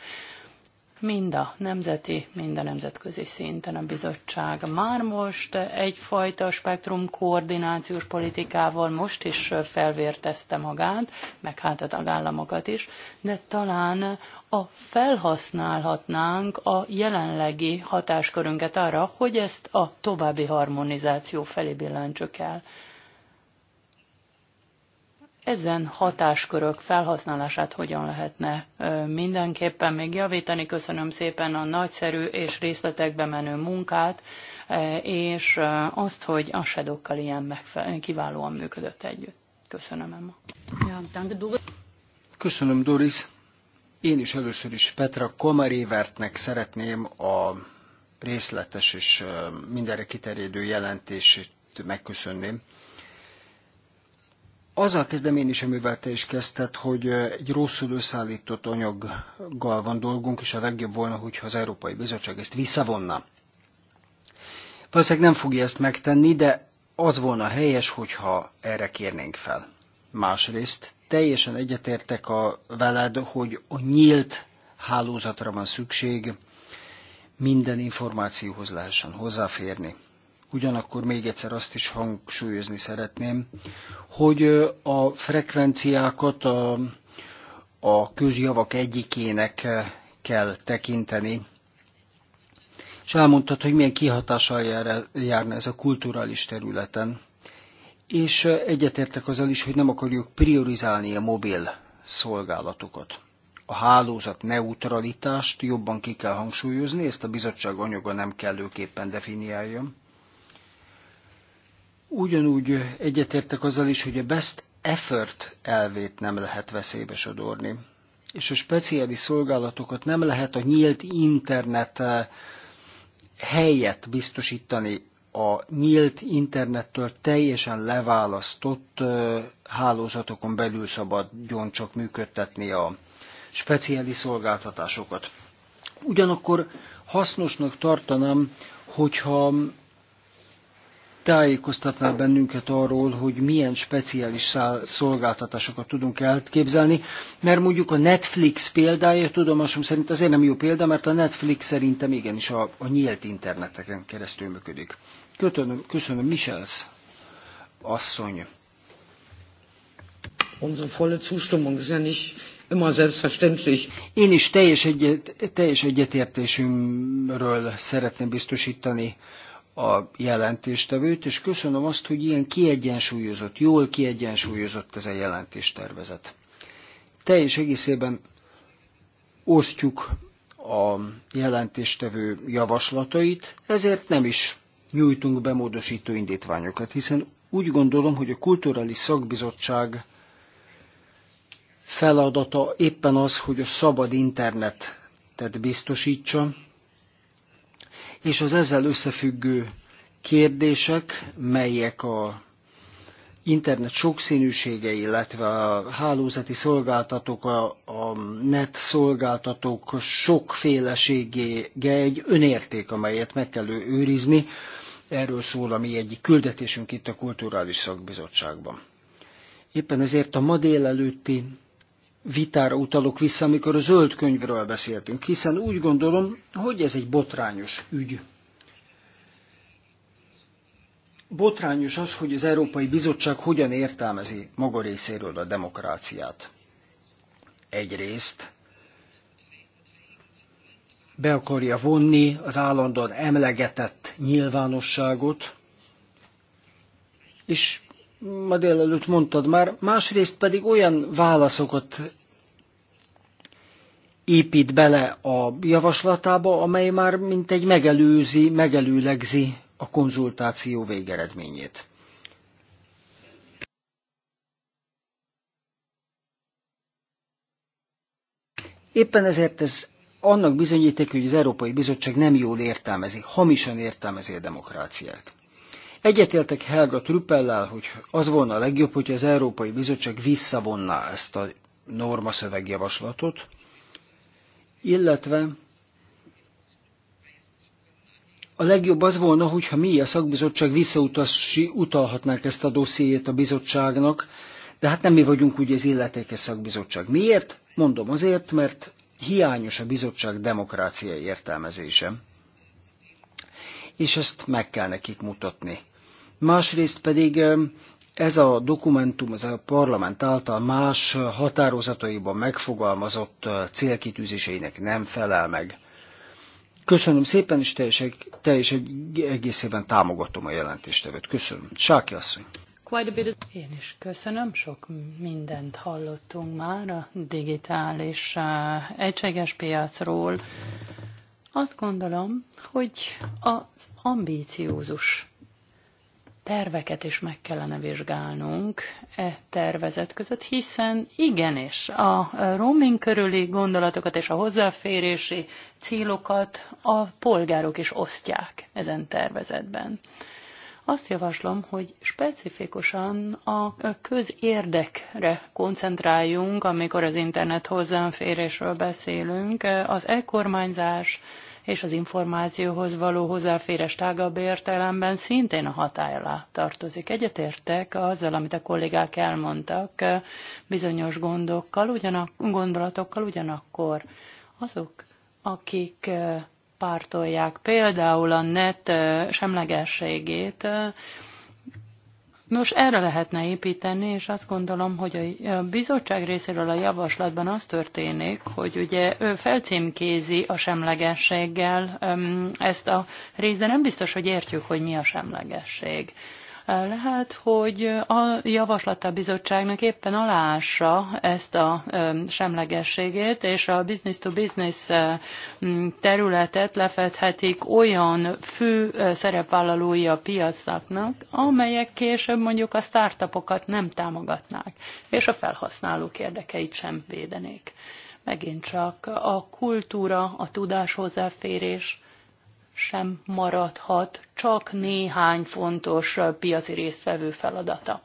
mind a nemzeti, mind a nemzetközi szinten a bizottság. Már most egyfajta spektrum koordinációs politikával most is felvértezte magát, meg hát a tagállamokat is, de talán a felhasználhatnánk a jelenlegi hatáskörünket arra, hogy ezt a további harmonizáció felé billentsük el ezen hatáskörök felhasználását hogyan lehetne mindenképpen még javítani. Köszönöm szépen a nagyszerű és részletekbe menő munkát, és azt, hogy a sedokkal ilyen megfe- kiválóan működött együtt. Köszönöm, Emma.
Köszönöm, Doris. Én is először is Petra Komarévertnek szeretném a részletes és mindenre kiterjedő jelentését megköszönném azzal kezdem én is, amivel te is kezdted, hogy egy rosszul összeállított anyaggal van dolgunk, és a legjobb volna, hogyha az Európai Bizottság ezt visszavonna. Valószínűleg nem fogja ezt megtenni, de az volna helyes, hogyha erre kérnénk fel. Másrészt teljesen egyetértek a veled, hogy a nyílt hálózatra van szükség, minden információhoz lehessen hozzáférni. Ugyanakkor még egyszer azt is hangsúlyozni szeretném, hogy a frekvenciákat a, a közjavak egyikének kell tekinteni, és elmondtad, hogy milyen kihatással jár, járna ez a kulturális területen. És egyetértek azzal is, hogy nem akarjuk priorizálni a mobil szolgálatokat. A hálózat neutralitást jobban ki kell hangsúlyozni, ezt a bizottság anyaga nem kellőképpen definiáljon. Ugyanúgy egyetértek azzal is, hogy a best effort elvét nem lehet veszélybe sodorni. És a speciális szolgálatokat nem lehet a nyílt internet eh, helyet biztosítani a nyílt internettől teljesen leválasztott eh, hálózatokon belül szabadjon csak működtetni a speciális szolgáltatásokat. Ugyanakkor hasznosnak tartanám, hogyha tájékoztatnál bennünket arról, hogy milyen speciális szolgáltatásokat tudunk elképzelni, mert mondjuk a Netflix példája tudomásom szerint azért nem jó példa, mert a Netflix szerintem igenis a, a nyílt interneteken keresztül működik. Köszönöm, köszönöm Michels asszony. Unsere volle Zustimmung ist ja nicht immer selbstverständlich. Én is teljes, egyet, teljes egyetértésünkről szeretném biztosítani a jelentéstevőt, és köszönöm azt, hogy ilyen kiegyensúlyozott, jól kiegyensúlyozott ez a jelentéstervezet. Teljes egészében osztjuk a jelentéstevő javaslatait, ezért nem is nyújtunk be módosító indítványokat, hiszen úgy gondolom, hogy a kulturális szakbizottság feladata éppen az, hogy a szabad internetet biztosítsa, és az ezzel összefüggő kérdések, melyek a internet sokszínűsége, illetve a hálózati szolgáltatók, a, a net szolgáltatók sokféleségége egy önérték, amelyet meg kell őrizni. Erről szól a mi egyik küldetésünk itt a Kulturális Szakbizottságban. Éppen ezért a ma délelőtti vitára utalok vissza, amikor a zöld könyvről beszéltünk, hiszen úgy gondolom, hogy ez egy botrányos ügy. Botrányos az, hogy az Európai Bizottság hogyan értelmezi maga részéről a demokráciát. Egyrészt be akarja vonni az állandóan emlegetett nyilvánosságot, és ma délelőtt mondtad már, másrészt pedig olyan válaszokat épít bele a javaslatába, amely már mint egy megelőzi, megelőlegzi a konzultáció végeredményét. Éppen ezért ez annak bizonyíték, hogy az Európai Bizottság nem jól értelmezi, hamisan értelmezi a demokráciát. Egyetértek Helga Truppellel, hogy az volna a legjobb, hogy az Európai Bizottság visszavonná ezt a norma szövegjavaslatot, illetve a legjobb az volna, hogyha mi a szakbizottság visszautasi, ezt a dossziét a bizottságnak, de hát nem mi vagyunk ugye az illetékes szakbizottság. Miért? Mondom azért, mert hiányos a bizottság demokráciai értelmezése. És ezt meg kell nekik mutatni másrészt pedig ez a dokumentum az a parlament által más határozataiban megfogalmazott eh, célkitűzéseinek nem felel meg. Köszönöm szépen, és teljes, teljes egészében támogatom a jelentéstevőt. Köszönöm. Sáki asszony.
Én is köszönöm, sok mindent hallottunk már a digitális uh, egységes piacról. Azt gondolom, hogy az ambíciózus terveket is meg kellene vizsgálnunk e tervezet között, hiszen igenis a roaming körüli gondolatokat és a hozzáférési célokat a polgárok is osztják ezen tervezetben. Azt javaslom, hogy specifikusan a közérdekre koncentráljunk, amikor az internet hozzáférésről beszélünk, az e-kormányzás, és az információhoz való hozzáférés tágabb értelemben szintén a hatály alá tartozik. Egyetértek azzal, amit a kollégák elmondtak eh, bizonyos gondokkal, ugyanak, gondolatokkal ugyanakkor azok, akik eh, pártolják például a net eh, semlegességét, Nos, erre lehetne építeni, és azt gondolom, hogy a bizottság részéről a javaslatban az történik, hogy ugye ő felcímkézi a semlegességgel ezt a részt, de nem biztos, hogy értjük, hogy mi a semlegesség. Lehet, hogy a javaslata bizottságnak éppen aláássa ezt a semlegességét, és a business-to-business területet lefedhetik olyan fő szerepvállalói a piacnak, amelyek később mondjuk a startupokat nem támogatnák, és a felhasználók érdekeit sem védenék. Megint csak a kultúra, a tudás hozzáférés, sem maradhat csak néhány fontos piaci résztvevő feladata.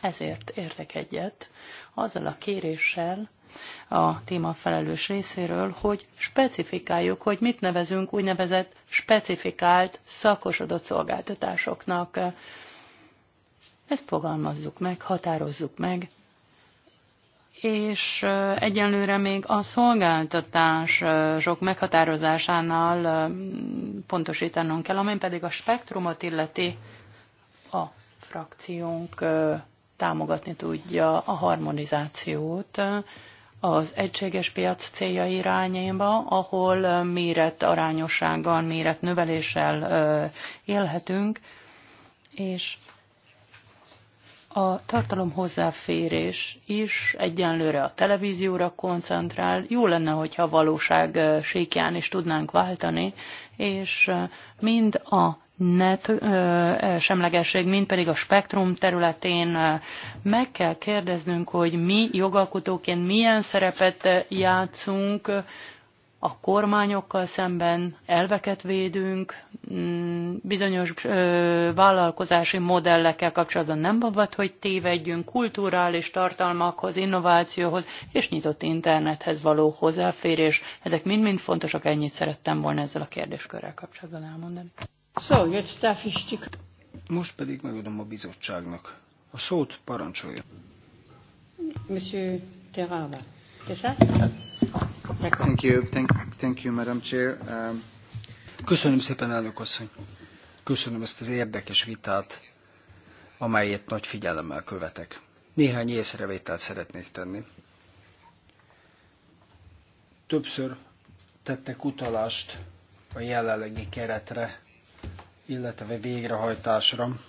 Ezért értek egyet azzal a kéréssel, a témafelelős részéről, hogy specifikáljuk, hogy mit nevezünk úgynevezett specifikált, szakosodott szolgáltatásoknak. Ezt fogalmazzuk meg, határozzuk meg, és egyenlőre még a szolgáltatások meghatározásánál pontosítanunk kell, amely pedig a spektrumot illeti a frakciónk támogatni tudja a harmonizációt az egységes piac célja irányába, ahol méret arányossággal, méret növeléssel élhetünk, és a tartalom hozzáférés is egyenlőre a televízióra koncentrál. Jó lenne, hogyha a valóság síkján is tudnánk váltani, és mind a net semlegesség, mind pedig a spektrum területén meg kell kérdeznünk, hogy mi jogalkotóként milyen szerepet játszunk, a kormányokkal szemben elveket védünk, mm, bizonyos vállalkozási modellekkel kapcsolatban nem babad, hogy tévedjünk kulturális tartalmakhoz, innovációhoz és nyitott internethez való hozzáférés. Ezek mind-mind fontosak, ennyit szerettem volna ezzel a kérdéskörrel kapcsolatban elmondani. So,
Most pedig megadom a bizottságnak. A szót parancsolja.
Monsieur Terrava, c'est ça?
Thank you, thank, thank you, Madam Chair. Um... Köszönöm szépen, elnök asszony. Köszönöm ezt az érdekes vitát, amelyet nagy figyelemmel követek. Néhány észrevételt szeretnék tenni. Többször tettek utalást a jelenlegi keretre, illetve végrehajtásra.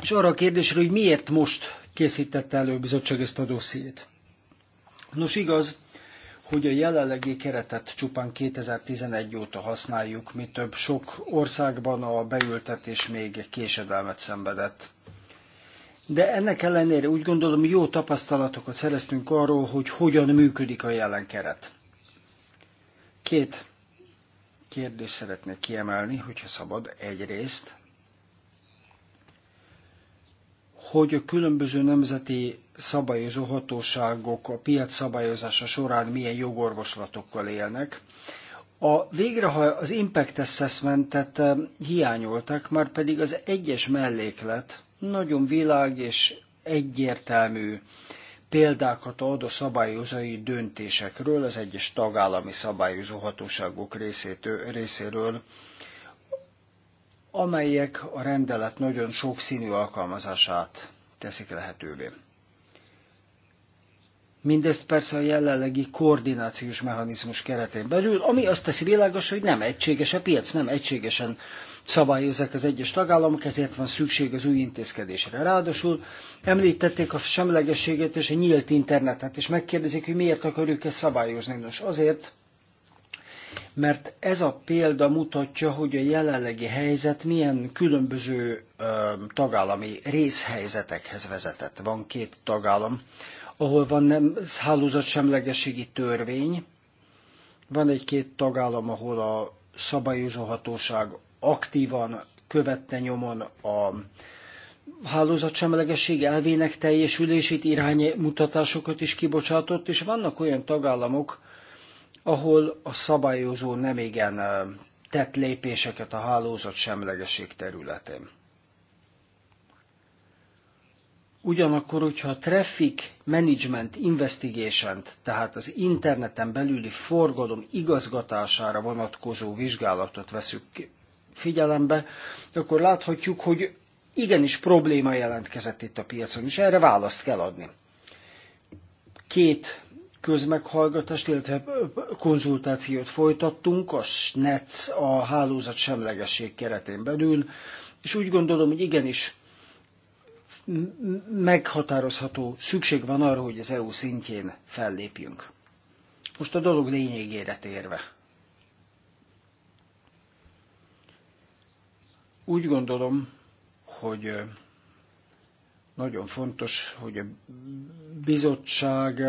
És arra a kérdésre, hogy miért most készítette elő a bizottság ezt a dossziét. Nos igaz, hogy a jelenlegi keretet csupán 2011 óta használjuk, mi több sok országban a beültetés még késedelmet szenvedett. De ennek ellenére úgy gondolom, jó tapasztalatokat szereztünk arról, hogy hogyan működik a jelen keret. Két kérdést szeretnék kiemelni, hogyha szabad. Egyrészt hogy a különböző nemzeti szabályozó hatóságok a piac szabályozása során milyen jogorvoslatokkal élnek. A ha az Impact Assessment-et eh, hiányoltak, már pedig az egyes melléklet nagyon világ és egyértelmű példákat ad a szabályozói döntésekről az egyes tagállami szabályozó hatóságok részétől, részéről amelyek a rendelet nagyon sokszínű alkalmazását teszik lehetővé. Mindezt persze a jelenlegi koordinációs mechanizmus keretén belül, ami azt teszi világos, hogy nem egységes a piac, nem egységesen szabályozzák az egyes tagállamok, ezért van szükség az új intézkedésre. Ráadásul említették a semlegességet és a nyílt internetet, és megkérdezik, hogy miért akarjuk ezt szabályozni. Nos, azért, mert ez a példa mutatja, hogy a jelenlegi helyzet milyen különböző ö, tagállami részhelyzetekhez vezetett. Van két tagállam, ahol van nem hálózatsemlegeségi törvény, van egy-két tagállam, ahol a szabályozó hatóság aktívan követte nyomon a hálózatsemlegesség elvének teljesülését, iránymutatásokat is kibocsátott, és vannak olyan tagállamok, ahol a szabályozó nem igen tett lépéseket a hálózat semlegesség területén. Ugyanakkor, hogyha a Traffic Management investigation tehát az interneten belüli forgalom igazgatására vonatkozó vizsgálatot veszük figyelembe, akkor láthatjuk, hogy igenis probléma jelentkezett itt a piacon, és erre választ kell adni. Két közmeghallgatást, illetve konzultációt folytattunk a SNEC, a hálózat semlegesség keretén belül, és úgy gondolom, hogy igenis meghatározható szükség van arra, hogy az EU szintjén fellépjünk. Most a dolog lényegére térve. Úgy gondolom, hogy nagyon fontos, hogy a bizottság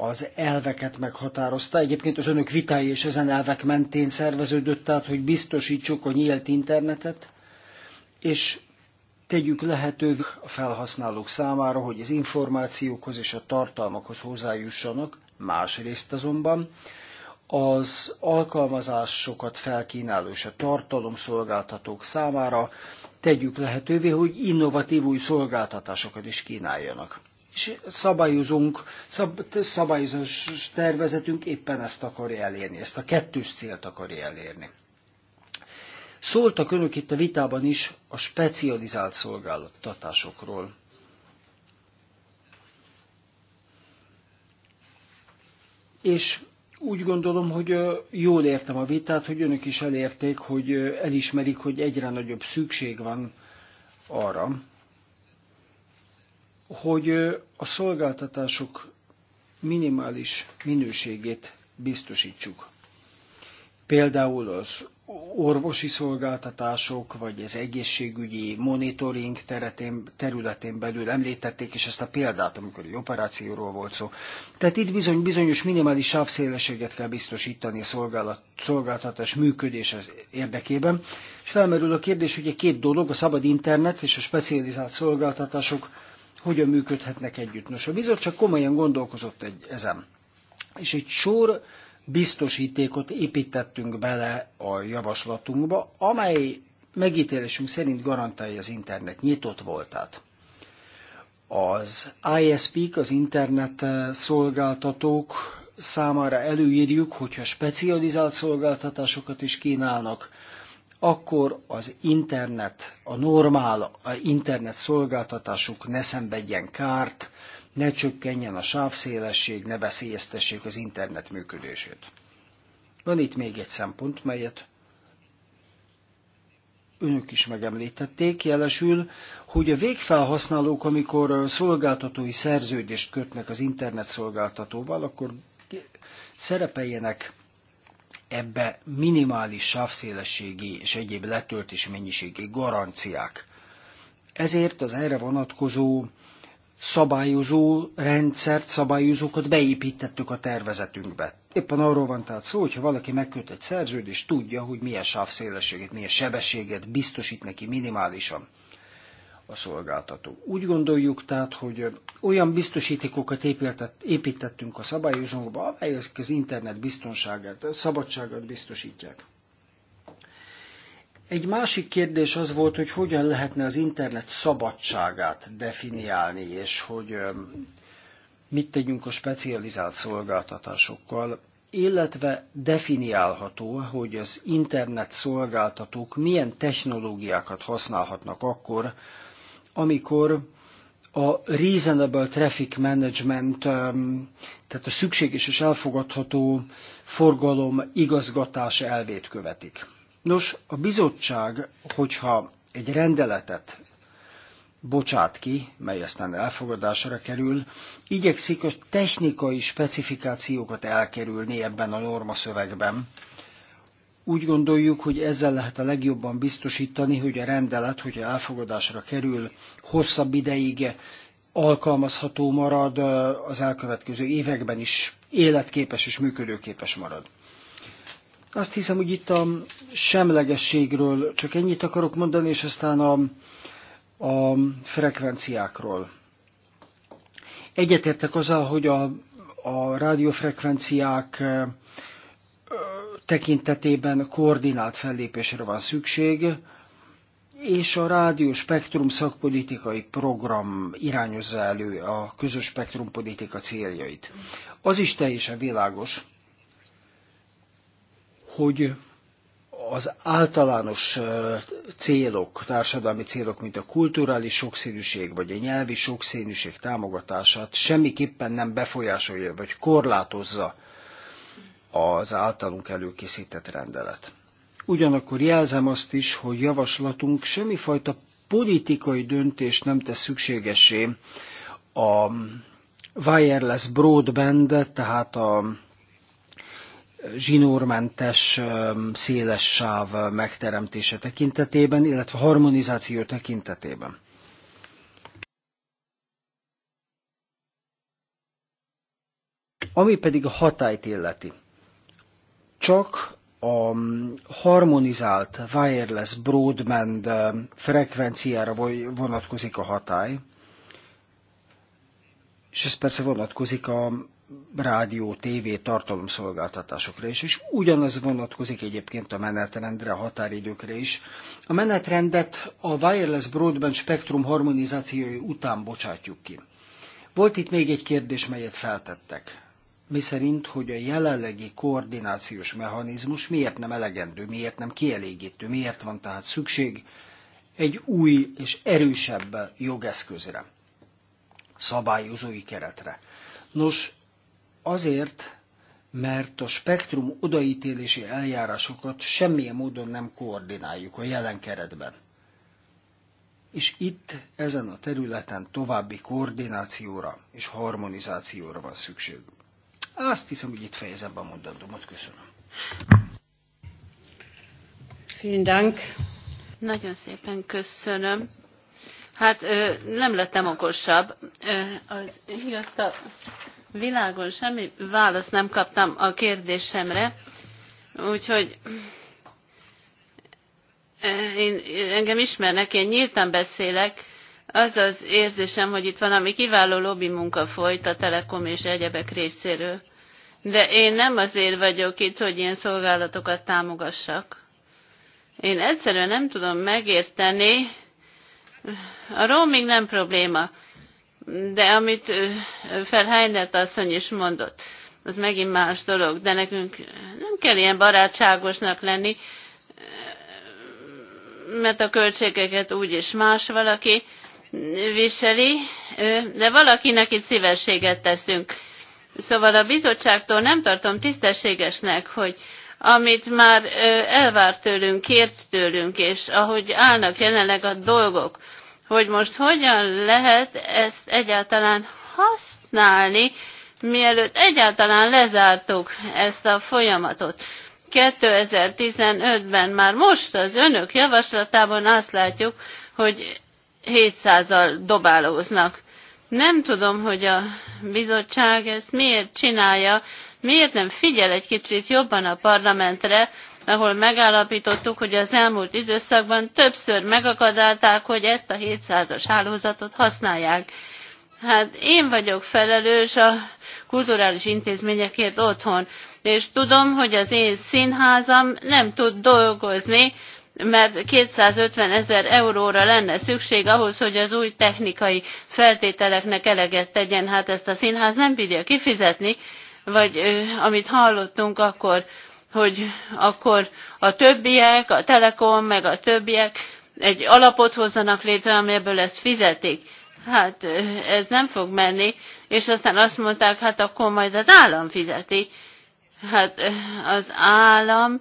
az elveket meghatározta. Egyébként az önök vitái és ezen elvek mentén szerveződött, tehát hogy biztosítsuk a nyílt internetet, és tegyük lehetővé a felhasználók számára, hogy az információkhoz és a tartalmakhoz hozzájussanak, másrészt azonban az alkalmazásokat felkínáló és a tartalomszolgáltatók számára tegyük lehetővé, hogy innovatív új szolgáltatásokat is kínáljanak és szabályozunk, szab, szabályozós tervezetünk éppen ezt akarja elérni, ezt a kettős célt akarja elérni. Szóltak önök itt a vitában is a specializált szolgáltatásokról. És úgy gondolom, hogy jól értem a vitát, hogy önök is elérték, hogy elismerik, hogy egyre nagyobb szükség van arra, hogy a szolgáltatások minimális minőségét biztosítsuk. Például az orvosi szolgáltatások, vagy az egészségügyi monitoring teretén, területén belül említették is ezt a példát, amikor egy operációról volt szó. Tehát itt bizony bizonyos minimális sávszélességet kell biztosítani a szolgálat, szolgáltatás működése érdekében. És felmerül a kérdés, hogy a két dolog, a szabad internet és a specializált szolgáltatások hogyan működhetnek együtt. Nos, a bizottság komolyan gondolkozott egy, ezen. És egy sor biztosítékot építettünk bele a javaslatunkba, amely megítélésünk szerint garantálja az internet nyitott voltát. Az isp az internet eh, szolgáltatók számára előírjuk, hogyha specializált szolgáltatásokat is kínálnak, akkor az internet, a normál a internet szolgáltatásuk ne szenvedjen kárt, ne csökkenjen a sávszélesség, ne veszélyeztessék az internet működését. Van itt még egy szempont, melyet önök is megemlítették, jelesül, hogy a végfelhasználók, amikor szolgáltatói szerződést kötnek az internet szolgáltatóval, akkor szerepeljenek ebbe minimális sávszélességi és egyéb letöltési mennyiségi garanciák. Ezért az erre vonatkozó szabályozó rendszert, szabályozókat beépítettük a tervezetünkbe. Éppen arról van tehát szó, hogyha valaki megköt egy szerződést, tudja, hogy milyen sávszélességet, milyen sebességet biztosít neki minimálisan a szolgáltató. Úgy gondoljuk tehát, hogy olyan biztosítékokat építettünk a szabályozókba, amelyek az internet biztonságát, szabadságát biztosítják. Egy másik kérdés az volt, hogy hogyan lehetne az internet szabadságát definiálni, és hogy mit tegyünk a specializált szolgáltatásokkal, illetve definiálható, hogy az internet szolgáltatók milyen technológiákat használhatnak akkor, amikor a reasonable traffic management, um, tehát a szükséges és elfogadható forgalom igazgatása elvét követik. Nos, a bizottság, hogyha egy rendeletet bocsát ki, mely aztán elfogadásra kerül, igyekszik a technikai specifikációkat elkerülni ebben a szövegben, úgy gondoljuk, hogy ezzel lehet a legjobban biztosítani, hogy a rendelet, hogyha elfogadásra kerül, hosszabb ideig alkalmazható marad, az elkövetkező években is életképes és működőképes marad. Azt hiszem, hogy itt a semlegességről csak ennyit akarok mondani, és aztán a, a frekvenciákról. Egyetértek azzal, hogy a, a rádiófrekvenciák tekintetében koordinált fellépésre van szükség, és a Rádió Spektrum szakpolitikai program irányozza elő a közös spektrum politika céljait. Az is teljesen világos, hogy az általános célok, társadalmi célok, mint a kulturális sokszínűség vagy a nyelvi sokszínűség támogatását semmiképpen nem befolyásolja vagy korlátozza az általunk előkészített rendelet. Ugyanakkor jelzem azt is, hogy javaslatunk semmifajta politikai döntést nem tesz szükségesé a wireless broadband, tehát a zsinórmentes széles sáv megteremtése tekintetében, illetve harmonizáció tekintetében. Ami pedig a hatályt illeti csak a harmonizált wireless broadband eh, frekvenciára vonatkozik a hatály, és ez persze vonatkozik a rádió, TV tartalomszolgáltatásokra is, és ugyanaz vonatkozik egyébként a menetrendre, a határidőkre is. A menetrendet a wireless broadband spektrum harmonizációi után bocsátjuk ki. Volt itt még egy kérdés, melyet feltettek miszerint, hogy a jelenlegi koordinációs mechanizmus miért nem elegendő, miért nem kielégítő, miért van tehát szükség egy új és erősebb jogeszközre, szabályozói keretre. Nos, azért, mert a spektrum odaítélési eljárásokat semmilyen módon nem koordináljuk a jelen keretben. És itt, ezen a területen további koordinációra és harmonizációra van szükségünk. Azt hiszem, hogy itt fejezem be a mondandómat. Köszönöm.
Vielen Dank. Nagyon szépen köszönöm. Hát nem lettem okosabb. Az jött a világon semmi választ nem kaptam a kérdésemre, úgyhogy én, engem ismernek, én nyíltan beszélek, az az érzésem, hogy itt valami kiváló lobby munka folyt a Telekom és egyebek részéről. De én nem azért vagyok itt, hogy ilyen szolgálatokat támogassak. Én egyszerűen nem tudom megérteni, a roaming nem probléma, de amit Ferheinert asszony is mondott, az megint más dolog, de nekünk nem kell ilyen barátságosnak lenni, mert a költségeket úgyis más valaki, viseli, de valakinek itt szívességet teszünk. Szóval a bizottságtól nem tartom tisztességesnek, hogy amit már elvárt tőlünk, kért tőlünk, és ahogy állnak jelenleg a dolgok, hogy most hogyan lehet ezt egyáltalán használni, mielőtt egyáltalán lezártuk ezt a folyamatot. 2015-ben már most az önök javaslatában azt látjuk, hogy 700 al dobálóznak. Nem tudom, hogy a bizottság ezt miért csinálja, miért nem figyel egy kicsit jobban a parlamentre, ahol megállapítottuk, hogy az elmúlt időszakban többször megakadálták, hogy ezt a 700-as hálózatot használják. Hát én vagyok felelős a kulturális intézményekért otthon, és tudom, hogy az én színházam nem tud dolgozni, mert 250 ezer euróra lenne szükség ahhoz, hogy az új technikai feltételeknek eleget tegyen. Hát ezt a színház nem bírja kifizetni, vagy amit hallottunk akkor, hogy akkor a többiek, a Telekom, meg a többiek egy alapot hozzanak létre, amiből ezt fizetik. Hát ez nem fog menni, és aztán azt mondták, hát akkor majd az állam fizeti. Hát az állam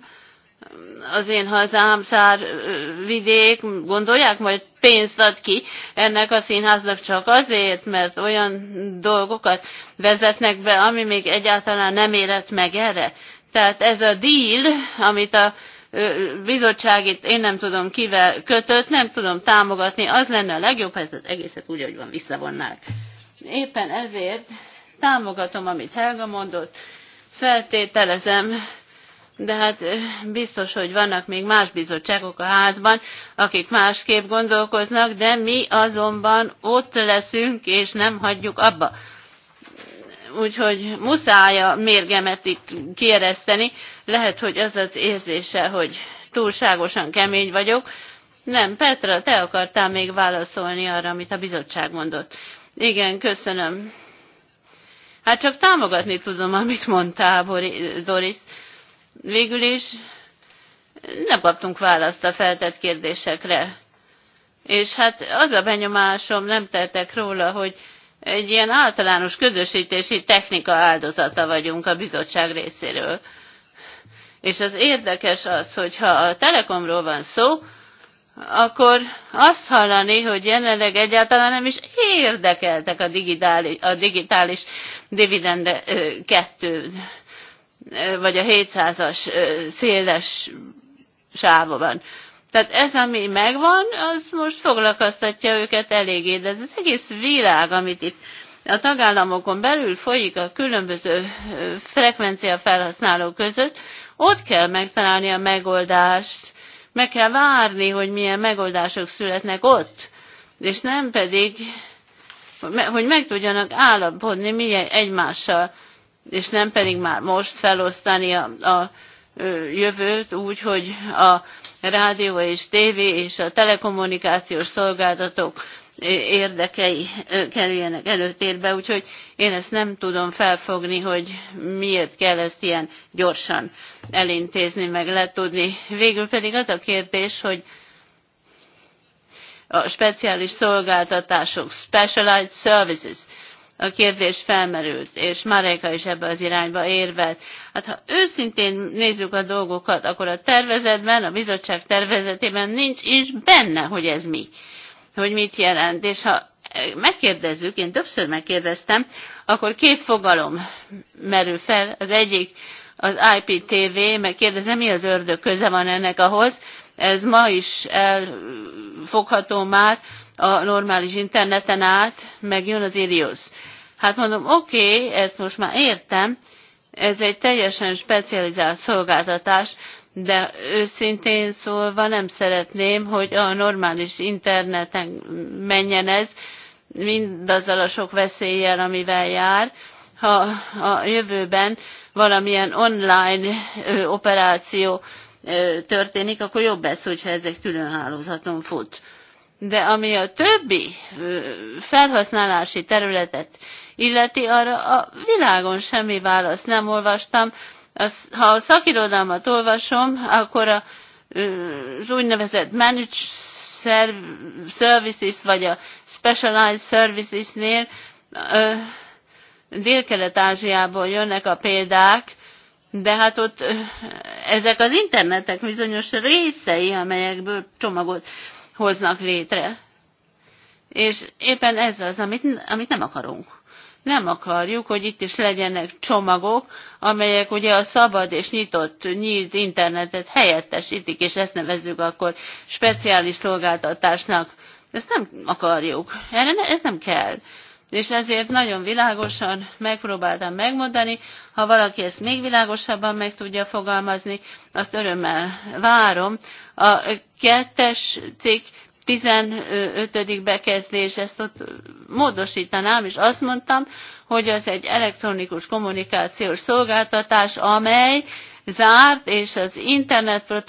az én hazám szár vidék, gondolják, majd pénzt ad ki ennek a színháznak csak azért, mert olyan dolgokat vezetnek be, ami még egyáltalán nem élet meg erre. Tehát ez a deal, amit a bizottság itt én nem tudom kivel kötött, nem tudom támogatni, az lenne a legjobb, ha ezt az egészet úgy, hogy van, visszavonnák. Éppen ezért támogatom, amit Helga mondott, feltételezem, de hát biztos, hogy vannak még más bizottságok a házban, akik másképp gondolkoznak, de mi azonban ott leszünk, és nem hagyjuk abba. Úgyhogy muszáj a mérgemet itt kiereszteni. Lehet, hogy az az érzése, hogy túlságosan kemény vagyok. Nem, Petra, te akartál még válaszolni arra, amit a bizottság mondott. Igen, köszönöm. Hát csak támogatni tudom, amit mondtál, Doris Végül is nem kaptunk választ a feltett kérdésekre. És hát az a benyomásom, nem tettek róla, hogy egy ilyen általános közösítési technika áldozata vagyunk a bizottság részéről. És az érdekes az, hogyha a Telekomról van szó, akkor azt hallani, hogy jelenleg egyáltalán nem is érdekeltek a digitális, a digitális dividende kettő vagy a 700-as széles sávban. Tehát ez, ami megvan, az most foglalkoztatja őket eléggé, de ez az egész világ, amit itt a tagállamokon belül folyik a különböző frekvencia felhasználók között, ott kell megtalálni a megoldást, meg kell várni, hogy milyen megoldások születnek ott, és nem pedig, hogy meg tudjanak állapodni milyen egymással és nem pedig már most felosztani a, a jövőt úgy, hogy a rádió és tévé és a telekommunikációs szolgáltatók érdekei kerüljenek előtérbe, úgyhogy én ezt nem tudom felfogni, hogy miért kell ezt ilyen gyorsan elintézni, meg letudni. Végül pedig az a kérdés, hogy a speciális szolgáltatások, specialized services, a kérdés felmerült, és Mareka is ebbe az irányba érvelt. Hát ha őszintén nézzük a dolgokat, akkor a tervezetben, a bizottság tervezetében nincs is benne, hogy ez mi, hogy mit jelent. És ha megkérdezzük, én többször megkérdeztem, akkor két fogalom merül fel. Az egyik az IPTV, meg kérdezem, mi az ördög köze van ennek ahhoz. Ez ma is elfogható már, a normális interneten át, meg jön az Irius. Hát mondom, oké, okay, ezt most már értem, ez egy teljesen specializált szolgáltatás, de őszintén szólva nem szeretném, hogy a normális interneten menjen ez, mindazzal a sok veszéllyel, amivel jár. Ha a jövőben valamilyen online operáció történik, akkor jobb lesz, hogyha ezek külön hálózaton fut. De ami a többi felhasználási területet illeti, arra a világon semmi választ nem olvastam. Ha a szakirodalmat olvasom, akkor az úgynevezett managed services, vagy a specialized nél Dél-Kelet-Ázsiából jönnek a példák, de hát ott ezek az internetek bizonyos részei, amelyekből csomagot hoznak létre. És éppen ez az, amit, amit nem akarunk. Nem akarjuk, hogy itt is legyenek csomagok, amelyek ugye a szabad és nyitott, nyílt internetet helyettesítik, és ezt nevezzük akkor speciális szolgáltatásnak. Ezt nem akarjuk. Erre ne, ez nem kell. És ezért nagyon világosan megpróbáltam megmondani, ha valaki ezt még világosabban meg tudja fogalmazni, azt örömmel várom. A kettes cikk 15. bekezdés, ezt ott módosítanám, és azt mondtam, hogy az egy elektronikus kommunikációs szolgáltatás, amely zárt és az internet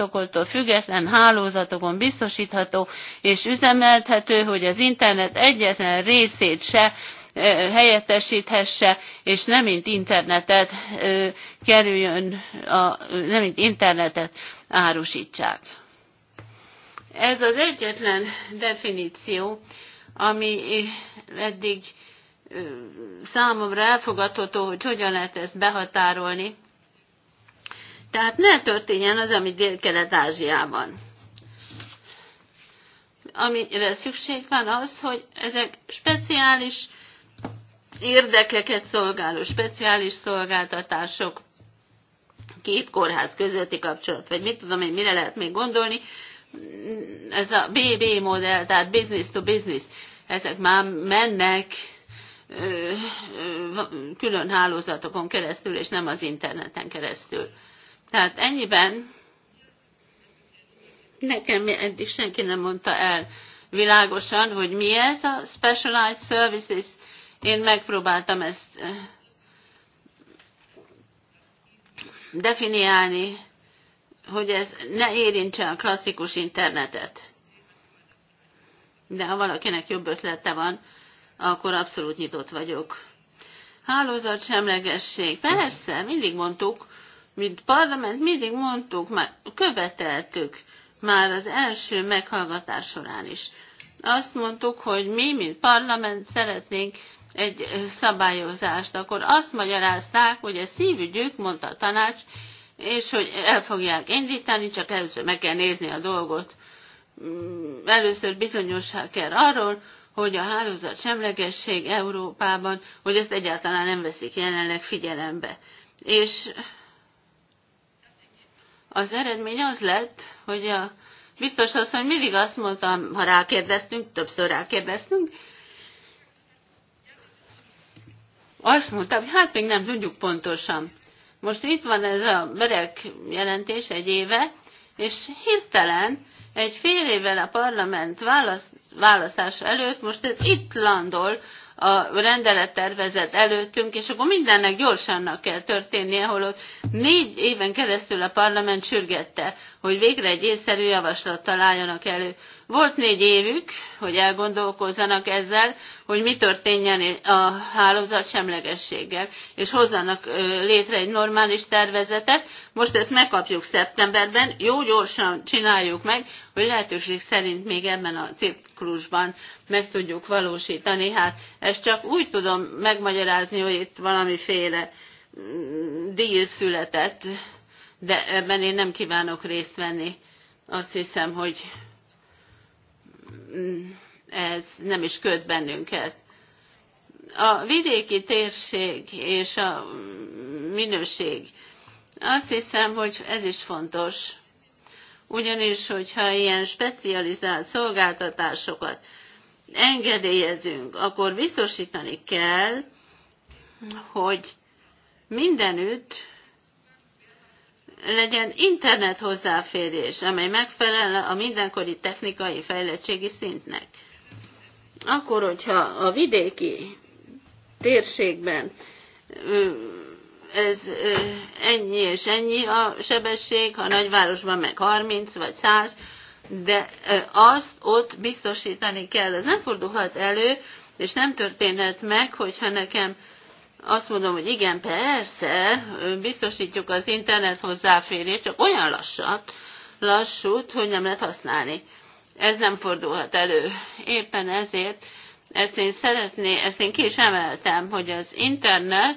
független hálózatokon biztosítható és üzemelthető, hogy az internet egyetlen részét se helyettesíthesse, és nem mint internetet kerüljön, a, nem mint internetet árusítsák. Ez az egyetlen definíció, ami eddig számomra elfogadható, hogy hogyan lehet ezt behatárolni. Tehát ne történjen az, ami Dél-Kelet-Ázsiában. Amire szükség van az, hogy ezek speciális érdekeket szolgáló, speciális szolgáltatások, két kórház közötti kapcsolat, vagy mit tudom én, mire lehet még gondolni, ez a BB modell, tehát business to business, ezek már mennek külön hálózatokon keresztül, és nem az interneten keresztül. Tehát ennyiben nekem eddig senki nem mondta el világosan, hogy mi ez a Specialized Services. Én megpróbáltam ezt definiálni, hogy ez ne érintse a klasszikus internetet. De ha valakinek jobb ötlete van, akkor abszolút nyitott vagyok. Hálózat semlegesség. Persze, mindig mondtuk, mint parlament mindig mondtuk, már követeltük már az első meghallgatás során is. Azt mondtuk, hogy mi, mint parlament szeretnénk egy szabályozást, akkor azt magyarázták, hogy a szívügyük, mondta a tanács, és hogy el fogják indítani, csak először meg kell nézni a dolgot. Mm, először bizonyosság kell arról, hogy a hálózat semlegesség Európában, hogy ezt egyáltalán nem veszik jelenleg figyelembe. És az eredmény az lett, hogy a biztos az, hogy mindig azt mondtam, ha rákérdeztünk, többször rákérdeztünk, azt mondta, hogy hát még nem tudjuk pontosan. Most itt van ez a berek jelentés egy éve, és hirtelen egy fél évvel a parlament választása előtt, most ez itt landol a rendelettervezet előttünk, és akkor mindennek gyorsannak kell történnie, holott négy éven keresztül a parlament sürgette, hogy végre egy észszerű javaslat találjanak elő. Volt négy évük, hogy elgondolkozzanak ezzel, hogy mi történjen a hálózat semlegességgel, és hozzanak létre egy normális tervezetet. Most ezt megkapjuk szeptemberben, jó gyorsan csináljuk meg, hogy lehetőség szerint még ebben a ciklusban meg tudjuk valósítani. Hát ezt csak úgy tudom megmagyarázni, hogy itt valamiféle mm, díj született, de ebben én nem kívánok részt venni. Azt hiszem, hogy ez nem is köt bennünket. A vidéki térség és a minőség. Azt hiszem, hogy ez is fontos. Ugyanis, hogyha ilyen specializált szolgáltatásokat engedélyezünk, akkor biztosítani kell, hogy mindenütt legyen internet hozzáférés, amely megfelel a mindenkori technikai fejlettségi szintnek. Akkor, hogyha a vidéki térségben ez ennyi és ennyi a sebesség, ha nagyvárosban meg 30 vagy 100, de azt ott biztosítani kell. Ez nem fordulhat elő, és nem történhet meg, hogyha nekem azt mondom, hogy igen, persze, biztosítjuk az internet hozzáférést, csak olyan lassan, lassút, hogy nem lehet használni. Ez nem fordulhat elő. Éppen ezért ezt én szeretné, ezt én ki is emeltem, hogy az internet,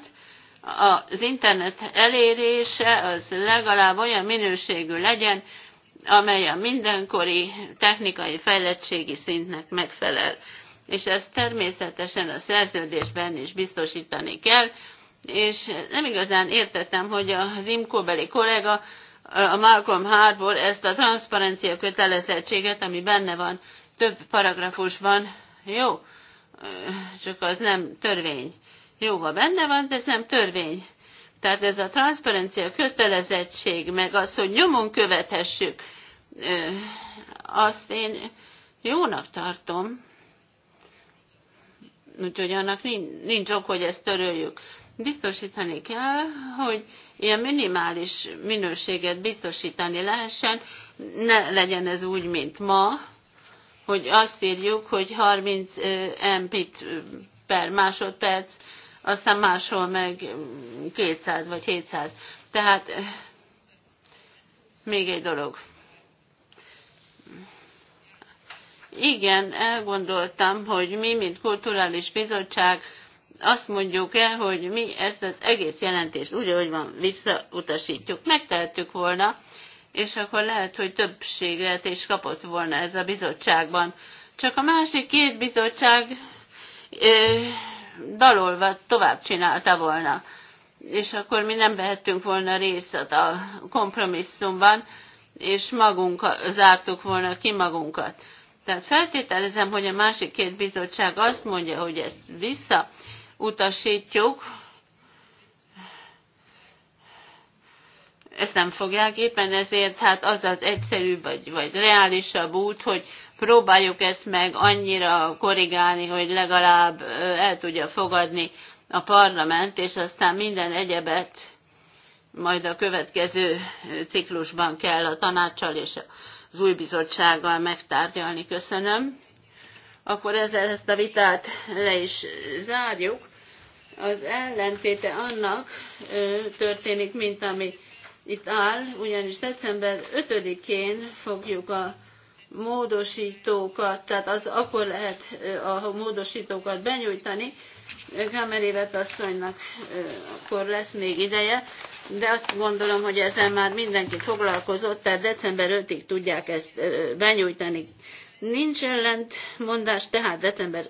az internet elérése az legalább olyan minőségű legyen, amely a mindenkori technikai fejlettségi szintnek megfelel és ezt természetesen a szerződésben is biztosítani kell, és nem igazán értettem, hogy az imkóbeli kollega, a Malcolm Harbour ezt a transzparencia kötelezettséget, ami benne van több paragrafusban, jó, csak az nem törvény. Jó, ha benne van, de ez nem törvény. Tehát ez a transzparencia kötelezettség, meg az, hogy nyomon követhessük, azt én jónak tartom úgyhogy annak nincs, ok, hogy ezt töröljük. Biztosítani kell, hogy ilyen minimális minőséget biztosítani lehessen, ne legyen ez úgy, mint ma, hogy azt írjuk, hogy 30 mp per másodperc, aztán máshol meg 200 vagy 700. Tehát még egy dolog. igen, elgondoltam, hogy mi, mint kulturális bizottság, azt mondjuk el, hogy mi ezt az egész jelentést úgy, ahogy van, visszautasítjuk. Megtehettük volna, és akkor lehet, hogy többséget is kapott volna ez a bizottságban. Csak a másik két bizottság ö, dalolva tovább csinálta volna. És akkor mi nem vehettünk volna részt a kompromisszumban, és magunk zártuk volna ki magunkat. Tehát feltételezem, hogy a másik két bizottság azt mondja, hogy ezt visszautasítjuk, ezt nem fogják éppen ezért, hát az az egyszerű vagy, vagy reálisabb út, hogy próbáljuk ezt meg annyira korrigálni, hogy legalább el tudja fogadni a parlament, és aztán minden egyebet majd a következő ciklusban kell a tanácssal és a az új bizottsággal megtárgyalni. Köszönöm. Akkor ezzel ezt a vitát le is zárjuk. Az ellentéte annak történik, mint ami itt áll, ugyanis december 5-én fogjuk a módosítókat, tehát az akkor lehet a módosítókat benyújtani, Gamerévet asszonynak akkor lesz még ideje, de azt gondolom, hogy ezzel már mindenki foglalkozott, tehát december 5-ig tudják ezt benyújtani. Nincs ellentmondás, tehát december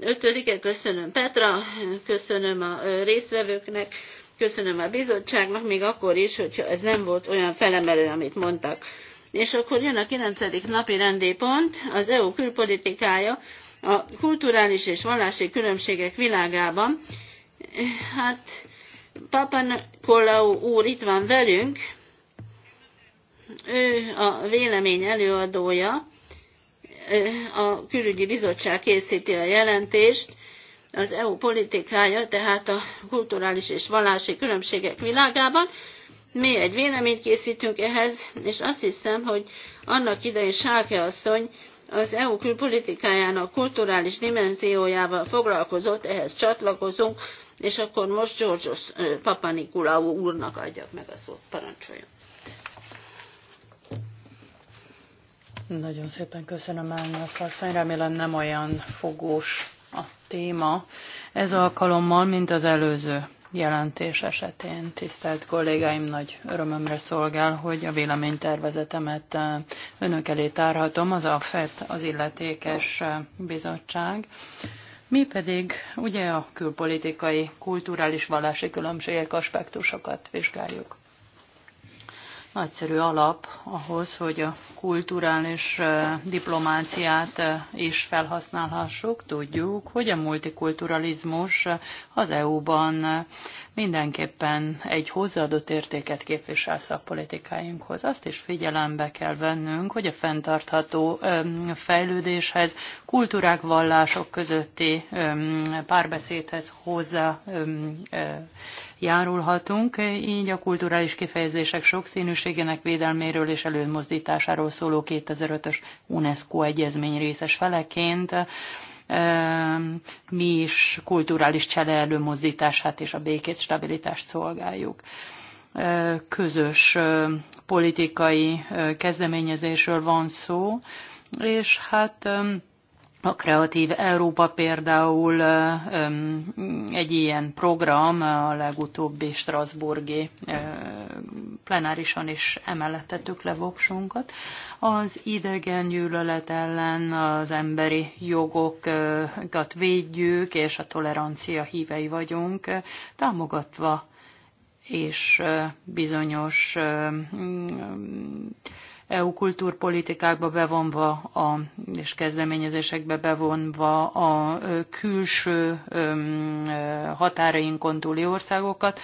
5-e köszönöm Petra, köszönöm a résztvevőknek, köszönöm a bizottságnak, még akkor is, hogyha ez nem volt olyan felemelő, amit mondtak. És akkor jön a 9. napi rendi pont, az EU külpolitikája, a kulturális és vallási különbségek világában. Hát Papa Nikolaou úr itt van velünk, ő a vélemény előadója, a külügyi bizottság készíti a jelentést, az EU politikája, tehát a kulturális és vallási különbségek világában. Mi egy véleményt készítünk ehhez, és azt hiszem, hogy annak idején Sáke asszony az EU külpolitikájának kulturális dimenziójával foglalkozott, ehhez csatlakozunk, és akkor most Georgios Papanikulau úrnak adjak meg a szót. Parancsoljon.
Nagyon szépen köszönöm elnök asszony, remélem nem olyan fogós a téma ez alkalommal, mint az előző jelentés esetén. Tisztelt kollégáim, nagy örömömre szolgál, hogy a véleménytervezetemet eh, önök elé tárhatom, az a FET, az illetékes eh, bizottság. Mi pedig ugye a külpolitikai, kulturális, vallási különbségek aspektusokat vizsgáljuk nagyszerű alap ahhoz, hogy a kulturális diplomáciát is felhasználhassuk. Tudjuk, hogy a multikulturalizmus az EU-ban mindenképpen egy hozzáadott értéket képvisel szakpolitikáinkhoz. Azt is figyelembe kell vennünk, hogy a fenntartható fejlődéshez, kultúrák, vallások közötti párbeszédhez hozzá járulhatunk, így a kulturális kifejezések sokszínűségének védelméről és előmozdításáról szóló 2005-ös UNESCO egyezmény részes feleként mi is kulturális csele előmozdítását és a békét, stabilitást szolgáljuk közös politikai kezdeményezésről van szó, és hát a Kreatív Európa például egy ilyen program a legutóbbi Strasburgi plenárison is emellett tettük le voksunkat. Az idegen gyűlölet ellen az emberi jogokat védjük, és a tolerancia hívei vagyunk, támogatva és bizonyos EU kultúrpolitikákba bevonva a, és kezdeményezésekbe bevonva a külső határainkon túli országokat,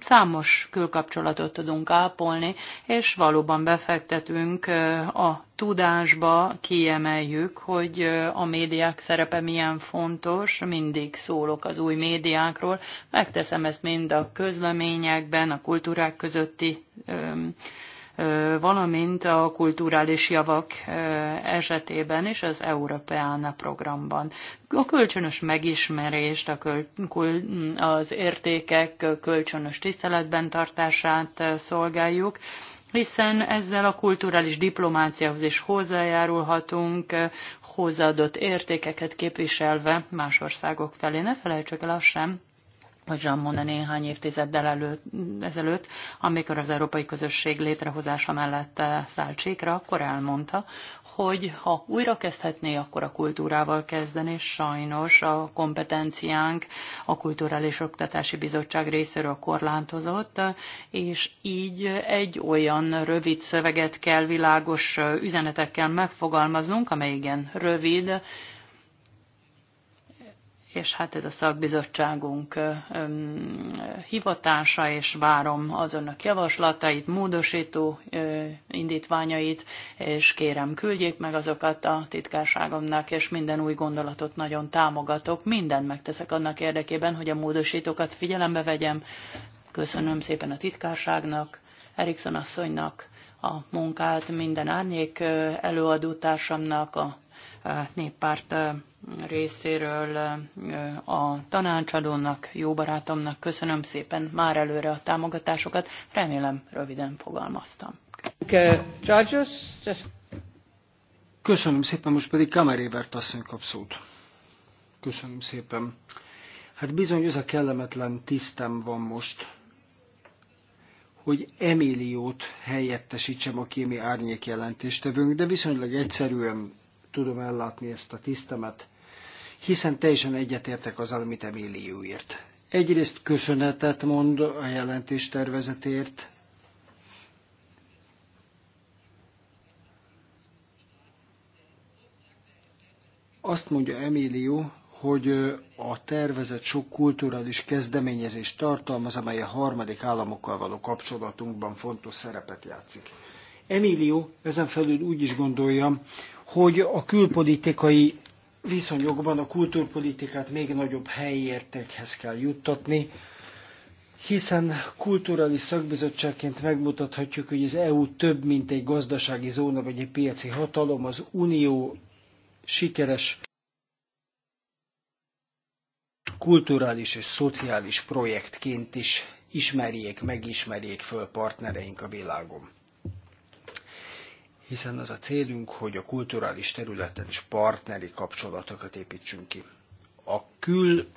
számos külkapcsolatot tudunk ápolni, és valóban befektetünk a tudásba, kiemeljük, hogy a médiák szerepe milyen fontos, mindig szólok az új médiákról, megteszem ezt mind a közleményekben, a kultúrák közötti valamint a kulturális javak esetében és az Európeána programban. A kölcsönös megismerést, a köl, az értékek kölcsönös tiszteletben tartását szolgáljuk, hiszen ezzel a kulturális diplomáciához is hozzájárulhatunk, hozzáadott értékeket képviselve más országok felé. Ne felejtsük el azt sem, hogy Jean Monnet néhány évtizeddel elő, ezelőtt, amikor az európai közösség létrehozása mellett eh, szállt csíkra, akkor elmondta, hogy ha újra kezdhetné, akkor a kultúrával kezdeni, és sajnos a kompetenciánk a Kulturális Oktatási Bizottság részéről korlátozott, és így egy olyan rövid szöveget kell világos üzenetekkel megfogalmaznunk, amely igen rövid, és hát ez a szakbizottságunk hivatása, és várom az önök javaslatait, módosító indítványait, és kérem küldjék meg azokat a titkárságomnak, és minden új gondolatot nagyon támogatok, mindent megteszek annak érdekében, hogy a módosítókat figyelembe vegyem. Köszönöm szépen a titkárságnak, Erikson asszonynak a munkát, minden árnyék előadótársamnak, a néppárt részéről a tanácsadónak, jó barátomnak köszönöm szépen már előre a támogatásokat. Remélem röviden fogalmaztam.
Köszönöm szépen, most pedig Kamerébert asszony kap szót. Köszönöm szépen. Hát bizony ez a kellemetlen tisztem van most, hogy Emiliót helyettesítsem, a kémi árnyék jelentéstevőnk, de viszonylag egyszerűen tudom ellátni ezt a tisztemet, hiszen teljesen egyetértek azzal, amit Emilio írt. Egyrészt köszönetet mond a jelentés tervezetért, Azt mondja Emilio, hogy a tervezet sok kulturális kezdeményezést tartalmaz, amely a harmadik államokkal való kapcsolatunkban fontos szerepet játszik. Emilio ezen felül úgy is gondolja, hogy a külpolitikai viszonyokban a kultúrpolitikát még nagyobb helyi értékhez kell juttatni, hiszen kulturális szakbizottságként megmutathatjuk, hogy az EU több, mint egy gazdasági zóna vagy egy piaci hatalom, az Unió sikeres kulturális és szociális projektként is ismerjék, megismerjék föl partnereink a világon hiszen az a célunk, hogy a kulturális területen is partneri kapcsolatokat építsünk ki. A kül,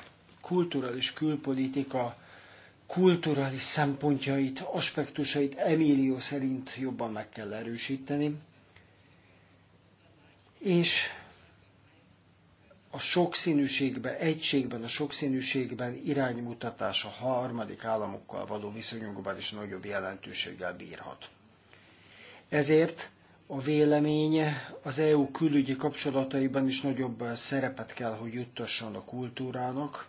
kulturális külpolitika kulturális szempontjait, aspektusait Emilio szerint jobban meg kell erősíteni, és a sokszínűségben, egységben, a sokszínűségben iránymutatás a harmadik államokkal való viszonyunkban is nagyobb jelentőséggel bírhat. Ezért a vélemény az EU külügyi kapcsolataiban is nagyobb szerepet kell, hogy juttasson a kultúrának.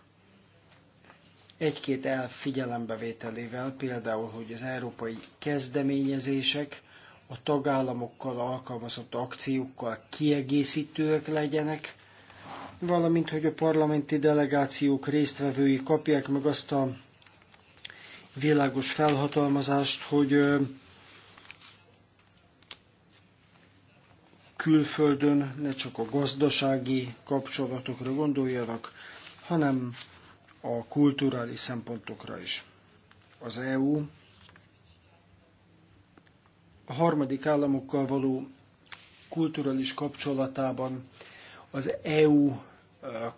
Egy-két elv figyelembevételével, például, hogy az európai kezdeményezések a tagállamokkal alkalmazott akciókkal kiegészítőek legyenek, valamint, hogy a parlamenti delegációk résztvevői kapják meg azt a világos felhatalmazást, hogy külföldön ne csak a gazdasági kapcsolatokra gondoljanak, hanem a kulturális szempontokra is. Az EU a harmadik államokkal való kulturális kapcsolatában az EU eh,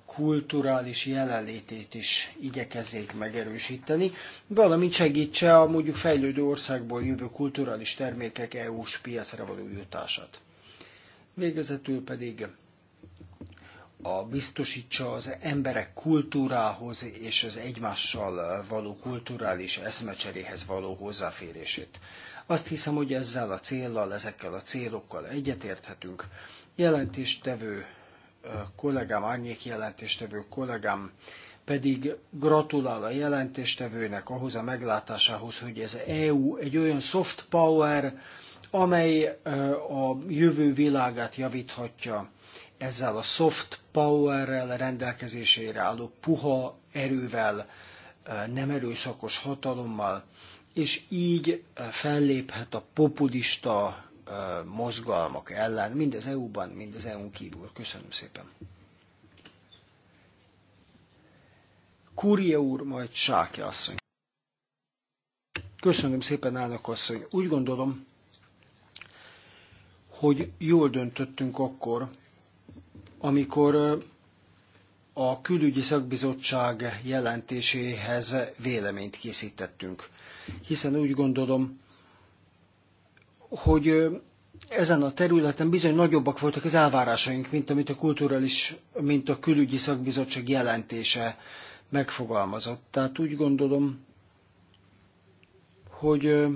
kulturális jelenlétét is igyekezzék megerősíteni, valamint segítse a mondjuk fejlődő országból jövő kulturális termékek EU-s piacra való jutását. Végezetül pedig a biztosítsa az emberek kultúrához és az egymással való kulturális eszmecseréhez való hozzáférését. Azt hiszem, hogy ezzel a céllal, ezekkel a célokkal egyetérthetünk. Jelentéstevő kollégám, árnyék jelentéstevő kollégám pedig gratulál a jelentéstevőnek ahhoz a meglátásához, hogy ez EU egy olyan soft power, amely a jövő világát javíthatja ezzel a soft powerrel rendelkezésére álló puha erővel, nem erőszakos hatalommal, és így felléphet a populista mozgalmak ellen, mind az EU-ban, mind az EU-n kívül. Köszönöm szépen. Kúria úr, majd Sáki asszony. Köszönöm szépen, állnak asszony. Úgy gondolom, hogy jól döntöttünk akkor, amikor a külügyi szakbizottság jelentéséhez véleményt készítettünk. Hiszen úgy gondolom, hogy ezen a területen bizony nagyobbak voltak az elvárásaink, mint amit a kulturális, mint a külügyi szakbizottság jelentése megfogalmazott. Tehát úgy gondolom, hogy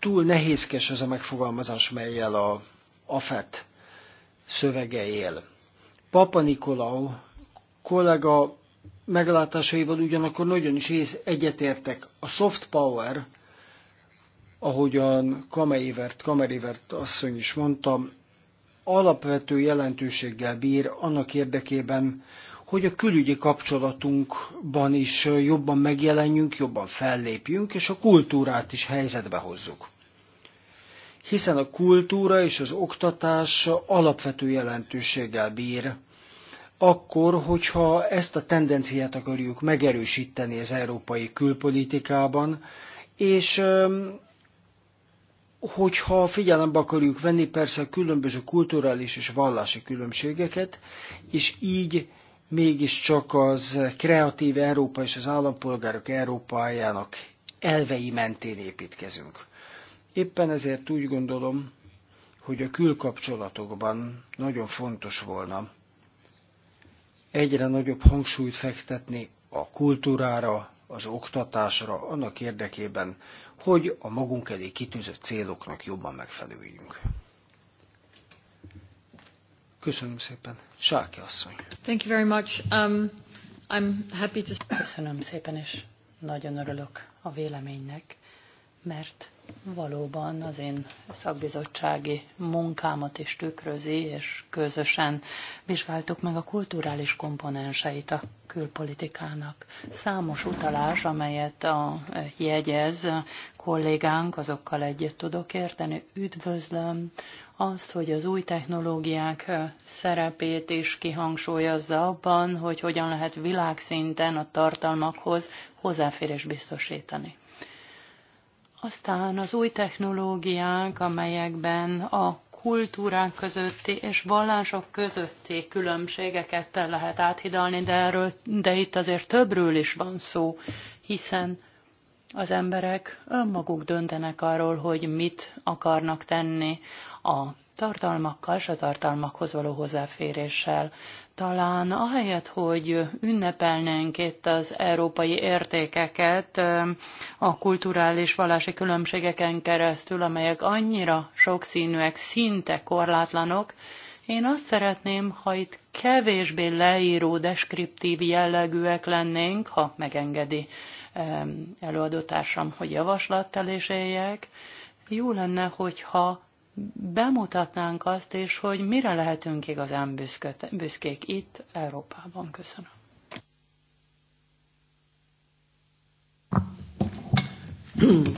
túl nehézkes az a megfogalmazás, melyel a AFET szövege él. Papa Nikolau kollega meglátásaival ugyanakkor nagyon is ész egyetértek. A soft power, ahogyan Kameivert, Kamerivert asszony is mondta, alapvető jelentőséggel bír annak érdekében, hogy a külügyi kapcsolatunkban is jobban megjelenjünk, jobban fellépjünk, és a kultúrát is helyzetbe hozzuk. Hiszen a kultúra és az oktatás alapvető jelentőséggel bír, akkor, hogyha ezt a tendenciát akarjuk megerősíteni az európai külpolitikában, és hogyha figyelembe akarjuk venni persze a különböző kulturális és vallási különbségeket, és így mégiscsak az kreatív Európa és az állampolgárok Európájának elvei mentén építkezünk. Éppen ezért úgy gondolom, hogy a külkapcsolatokban nagyon fontos volna egyre nagyobb hangsúlyt fektetni a kultúrára, az oktatásra, annak érdekében, hogy a magunk elé kitűzött céloknak jobban megfelelőjünk. Köszönöm szépen. Sáki asszony. Thank you very much.
Um, I'm happy to... Köszönöm szépen, és nagyon örülök a véleménynek, mert valóban az én szakbizottsági munkámat is tükrözi, és közösen vizsgáltuk meg a kulturális komponenseit a külpolitikának. Számos utalás, amelyet a jegyez kollégánk, azokkal egyet tudok érteni. Üdvözlöm azt, hogy az új technológiák szerepét is kihangsúlyozza abban, hogy hogyan lehet világszinten a tartalmakhoz hozzáférés biztosítani. Aztán az új technológiák, amelyekben a kultúrák közötti és vallások közötti különbségeket lehet áthidalni, de, erről, de itt azért többről is van szó, hiszen az emberek önmaguk döntenek arról, hogy mit akarnak tenni a tartalmakkal és a tartalmakhoz való hozzáféréssel. Talán ahelyett, hogy ünnepelnénk itt az európai értékeket a kulturális vallási különbségeken keresztül, amelyek annyira sokszínűek, szinte korlátlanok, én azt szeretném, ha itt kevésbé leíró, deskriptív jellegűek lennénk, ha megengedi előadótársam, hogy javaslattal is éljek. Jó lenne, hogyha bemutatnánk azt is, hogy mire lehetünk igazán büszköt, büszkék itt Európában. Köszönöm.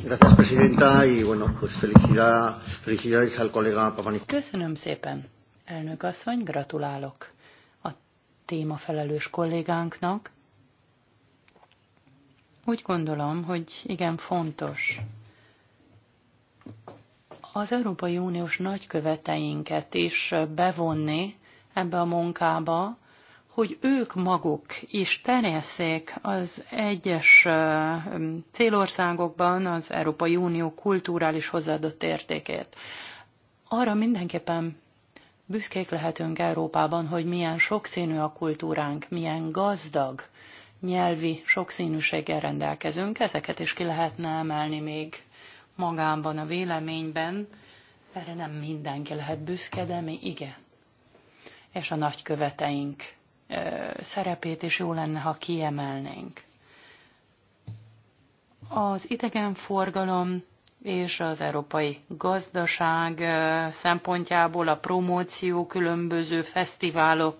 Gracias, Presidenta, y bueno, pues felicidad, felicidades al colega Papanik.
Köszönöm szépen, elnök asszony, gratulálok a téma felelős kollégánknak. Úgy gondolom, hogy igen fontos az Európai Uniós nagyköveteinket is bevonni ebbe a munkába, hogy ők maguk is terjesszék az egyes célországokban az Európai Unió kulturális hozzáadott értékét. Arra mindenképpen büszkék lehetünk Európában, hogy milyen sokszínű a kultúránk, milyen gazdag nyelvi sokszínűséggel rendelkezünk, ezeket is ki lehetne emelni még magában a véleményben, erre nem mindenki lehet büszke, de mi igen. És a nagyköveteink szerepét is jó lenne, ha kiemelnénk. Az idegenforgalom és az európai gazdaság szempontjából a promóció különböző fesztiválok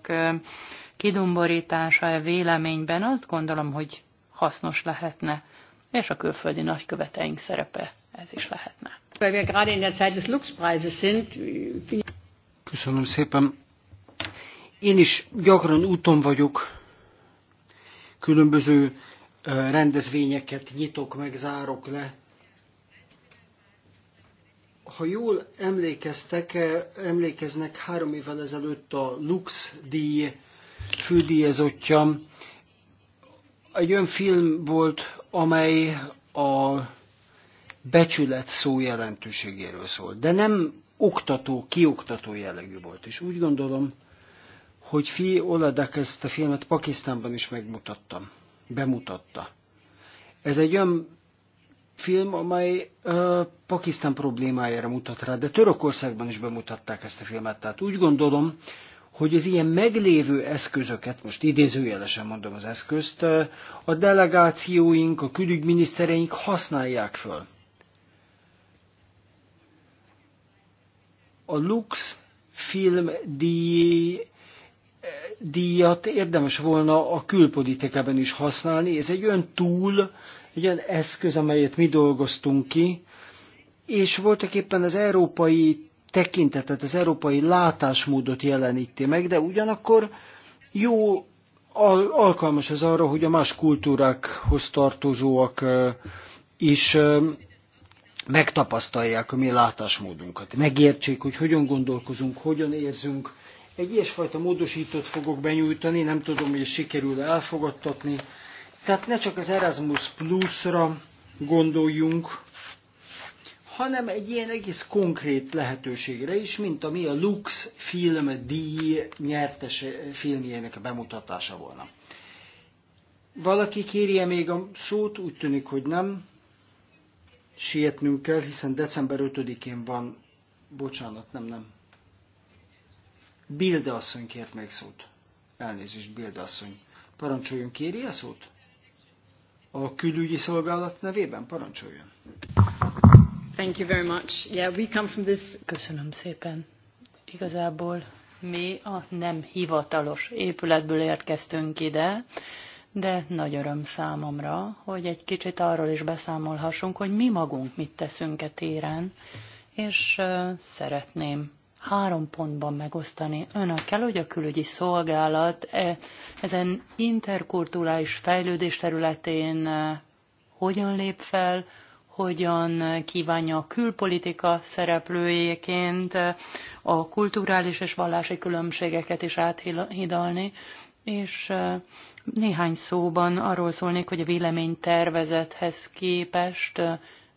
kidomborítása a e véleményben azt gondolom, hogy hasznos lehetne, és a külföldi nagyköveteink szerepe ez is lehetne.
Köszönöm szépen. Én is gyakran úton vagyok, különböző rendezvényeket nyitok meg, zárok le. Ha jól emlékeztek, emlékeznek, három évvel ezelőtt a Lux díj fődíjezottja. egy olyan film volt, amely a becsület szó jelentőségéről szól, de nem oktató, kioktató jellegű volt. És úgy gondolom, hogy Fi Oladak ezt a filmet Pakisztánban is megmutattam, bemutatta. Ez egy olyan film, amely uh, Pakisztán problémájára mutat rá, de Törökországban is bemutatták ezt a filmet. Tehát úgy gondolom, hogy az ilyen meglévő eszközöket, most idézőjelesen mondom az eszközt, a delegációink, a külügyminisztereink használják föl. a Lux film díj, eh, díjat érdemes volna a külpolitikában is használni. Ez egy olyan túl, egy olyan eszköz, amelyet mi dolgoztunk ki, és voltak éppen az európai tekintetet, az európai látásmódot jeleníti meg, de ugyanakkor jó alkalmas ez arra, hogy a más kultúrákhoz tartozóak eh, is eh, megtapasztalják a mi látásmódunkat, megértsék, hogy hogyan gondolkozunk, hogyan érzünk. Egy ilyesfajta módosítót fogok benyújtani, nem tudom, hogy sikerül elfogadtatni. Tehát ne csak az Erasmus Plus-ra gondoljunk, hanem egy ilyen egész konkrét lehetőségre is, mint ami a Lux film díj nyertes filmjének a bemutatása volna. Valaki kérje még a szót, úgy tűnik, hogy nem sietnünk kell, hiszen december 5-én van, bocsánat, nem, nem. Bilde asszony kért meg szót. Elnézést, Bilde asszony. Parancsoljon, kéri a szót? A külügyi szolgálat nevében parancsoljon.
Thank you very much. Yeah, we come from this... Köszönöm szépen. Igazából mi a nem hivatalos épületből érkeztünk ide, de nagy öröm számomra, hogy egy kicsit arról is beszámolhassunk, hogy mi magunk mit teszünk e téren, és szeretném három pontban megosztani önökkel, hogy a külügyi szolgálat e, ezen interkulturális fejlődés területén hogyan lép fel, hogyan kívánja a külpolitika szereplőjéként a kulturális és vallási különbségeket is áthidalni, és néhány szóban arról szólnék, hogy a véleménytervezethez képest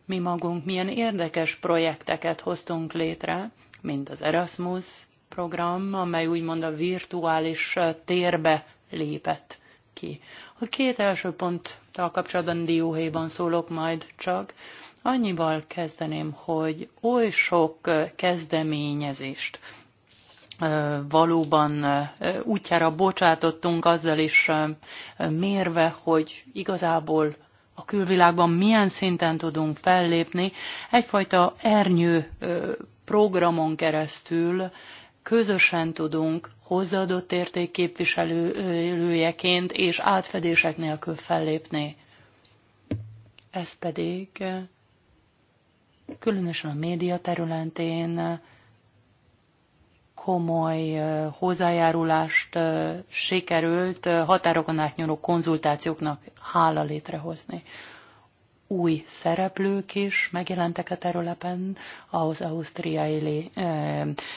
mi magunk milyen érdekes projekteket hoztunk létre, mint az Erasmus program, amely úgymond a virtuális térbe lépett ki. A két első ponttal kapcsolatban dióhéjban szólok majd csak. Annyival kezdeném, hogy oly sok kezdeményezést valóban útjára bocsátottunk, azzal is mérve, hogy igazából a külvilágban milyen szinten tudunk fellépni, egyfajta ernyő programon keresztül közösen tudunk hozzáadott értékképviselőjeként és átfedések nélkül fellépni. Ez pedig különösen a média területén komoly hozzájárulást sikerült határokon átnyúló konzultációknak hála létrehozni. Új szereplők is megjelentek a területen, az ausztriai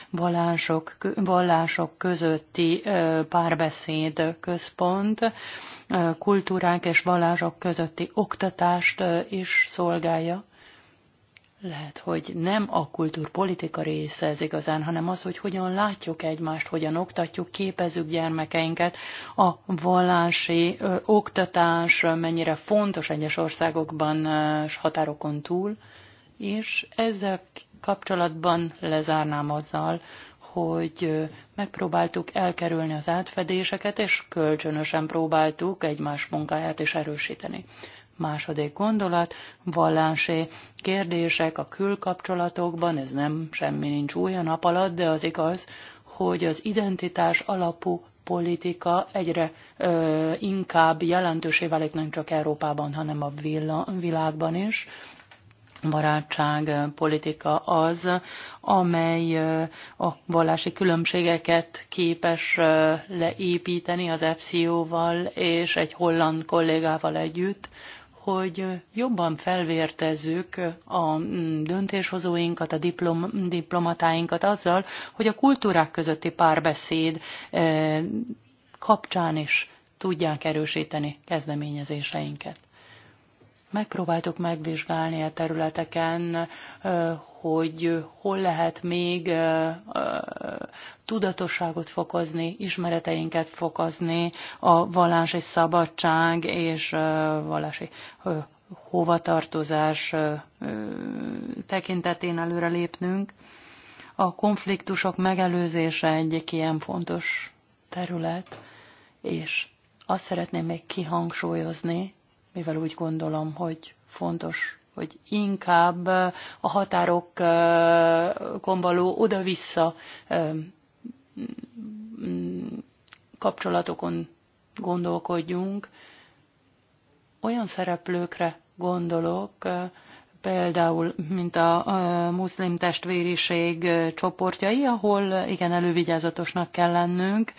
vallások, vallások közötti párbeszéd központ, kultúrák és vallások közötti oktatást is szolgálja lehet, hogy nem a kultúrpolitika része ez igazán, hanem az, hogy hogyan látjuk egymást, hogyan oktatjuk, képezzük gyermekeinket, a vallási ö, oktatás mennyire fontos egyes országokban és határokon túl, és ezzel kapcsolatban lezárnám azzal, hogy megpróbáltuk elkerülni az átfedéseket, és kölcsönösen próbáltuk egymás munkáját is erősíteni. Második gondolat, vallási kérdések a külkapcsolatokban, ez nem semmi nincs új a nap alatt, de az igaz, hogy az identitás alapú politika egyre ö, inkább jelentősé válik nem csak Európában, hanem a világban is barátság politika az, amely a vallási különbségeket képes leépíteni az FCO-val és egy holland kollégával együtt, hogy jobban felvértezzük a mm, döntéshozóinkat, a diplom, diplomatáinkat azzal, hogy a kultúrák közötti párbeszéd eh, kapcsán is tudják erősíteni kezdeményezéseinket megpróbáltuk megvizsgálni a területeken, hogy hol lehet még tudatosságot fokozni, ismereteinket fokozni a vallási szabadság és vallási hovatartozás tekintetén lépnünk. A konfliktusok megelőzése egy ilyen fontos terület, és azt szeretném még kihangsúlyozni, mivel úgy gondolom, hogy fontos, hogy inkább a határok gombaló oda-vissza mm, kapcsolatokon gondolkodjunk. Olyan szereplőkre gondolok, például, mint a, a muszlim testvériség csoportjai, ahol igen, elővigyázatosnak kell lennünk.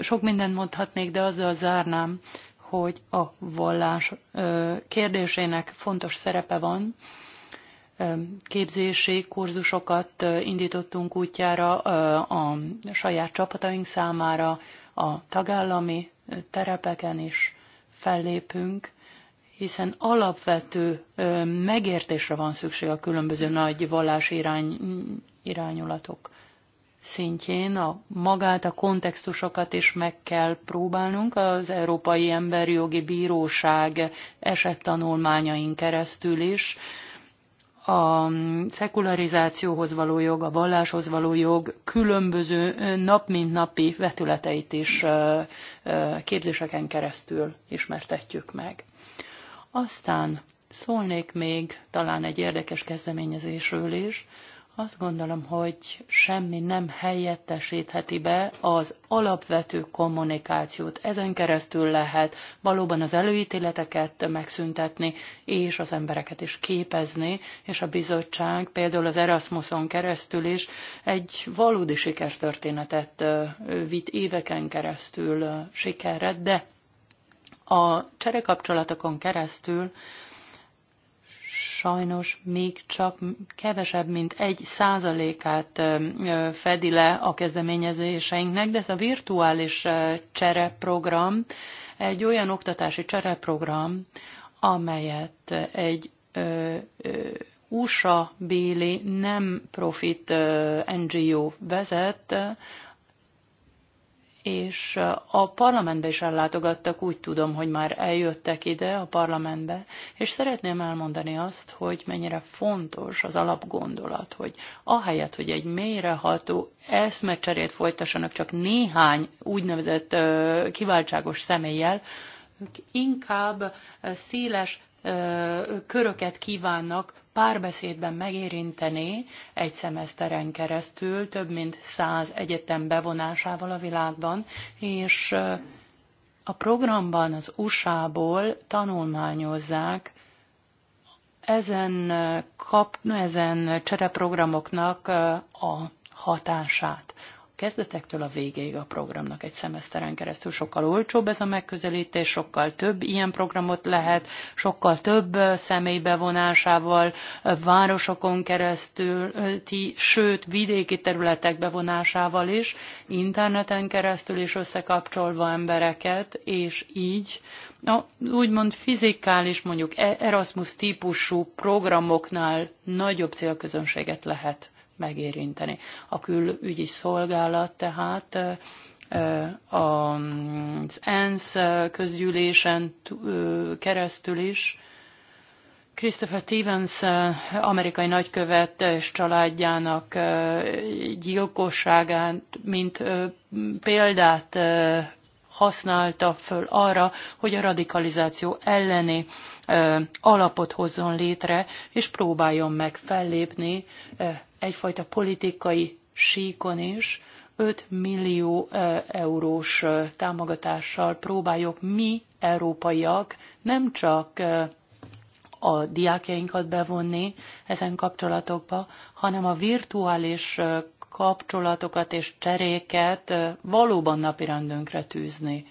Sok mindent mondhatnék, de azzal zárnám, hogy a vallás kérdésének fontos szerepe van. Képzési kurzusokat indítottunk útjára a saját csapataink számára, a tagállami terepeken is fellépünk, hiszen alapvető megértésre van szükség a különböző nagy vallási irány, irányulatok szintjén a magát, a kontextusokat is meg kell próbálnunk az Európai Emberi Jogi Bíróság esettanulmányain keresztül is. A szekularizációhoz való jog, a valláshoz való jog különböző nap mint napi vetületeit is képzéseken keresztül ismertetjük meg. Aztán szólnék még talán egy érdekes kezdeményezésről is, azt gondolom, hogy semmi nem helyettesítheti be az alapvető kommunikációt. Ezen keresztül lehet valóban az előítéleteket megszüntetni, és az embereket is képezni, és a bizottság például az Erasmuson keresztül is egy valódi sikertörténetet vitt éveken keresztül sikerre, de a cserekapcsolatokon keresztül sajnos még csak kevesebb, mint egy százalékát fedi le a kezdeményezéseinknek, de ez a virtuális csereprogram egy olyan oktatási csereprogram, amelyet egy USA-béli nem profit NGO vezet, és eh, a parlamentbe is ellátogattak, úgy tudom, hogy már eljöttek ide a parlamentbe, és szeretném elmondani azt, hogy mennyire fontos az alapgondolat, hogy ahelyett, hogy egy mélyreható eszmecserét folytassanak csak néhány úgynevezett eh, kiváltságos személlyel, ők inkább eh, széles köröket kívánnak párbeszédben megérinteni egy szemeszteren keresztül több mint száz egyetem bevonásával a világban, és a programban az USA-ból tanulmányozzák ezen, kap, ezen csereprogramoknak a hatását kezdetektől a végéig a programnak egy szemeszteren keresztül. Sokkal olcsóbb ez a megközelítés, sokkal több ilyen programot lehet, sokkal több személy bevonásával, városokon keresztül, ti, sőt vidéki területek bevonásával is, interneten keresztül is összekapcsolva embereket, és így a úgymond fizikális, mondjuk e-, Erasmus típusú programoknál nagyobb célközönséget lehet megérinteni. A külügyi szolgálat tehát az ENSZ közgyűlésen keresztül is Christopher Stevens amerikai nagykövet és családjának gyilkosságát, mint példát használta föl arra, hogy a radikalizáció elleni ö, alapot hozzon létre, és próbáljon meg fellépni ö, egyfajta politikai síkon is, 5 millió eurós támogatással próbáljuk mi, európaiak, nem csak a diákjainkat bevonni ezen kapcsolatokba, hanem a virtuális kapcsolatokat és cseréket valóban napirendünkre tűzni,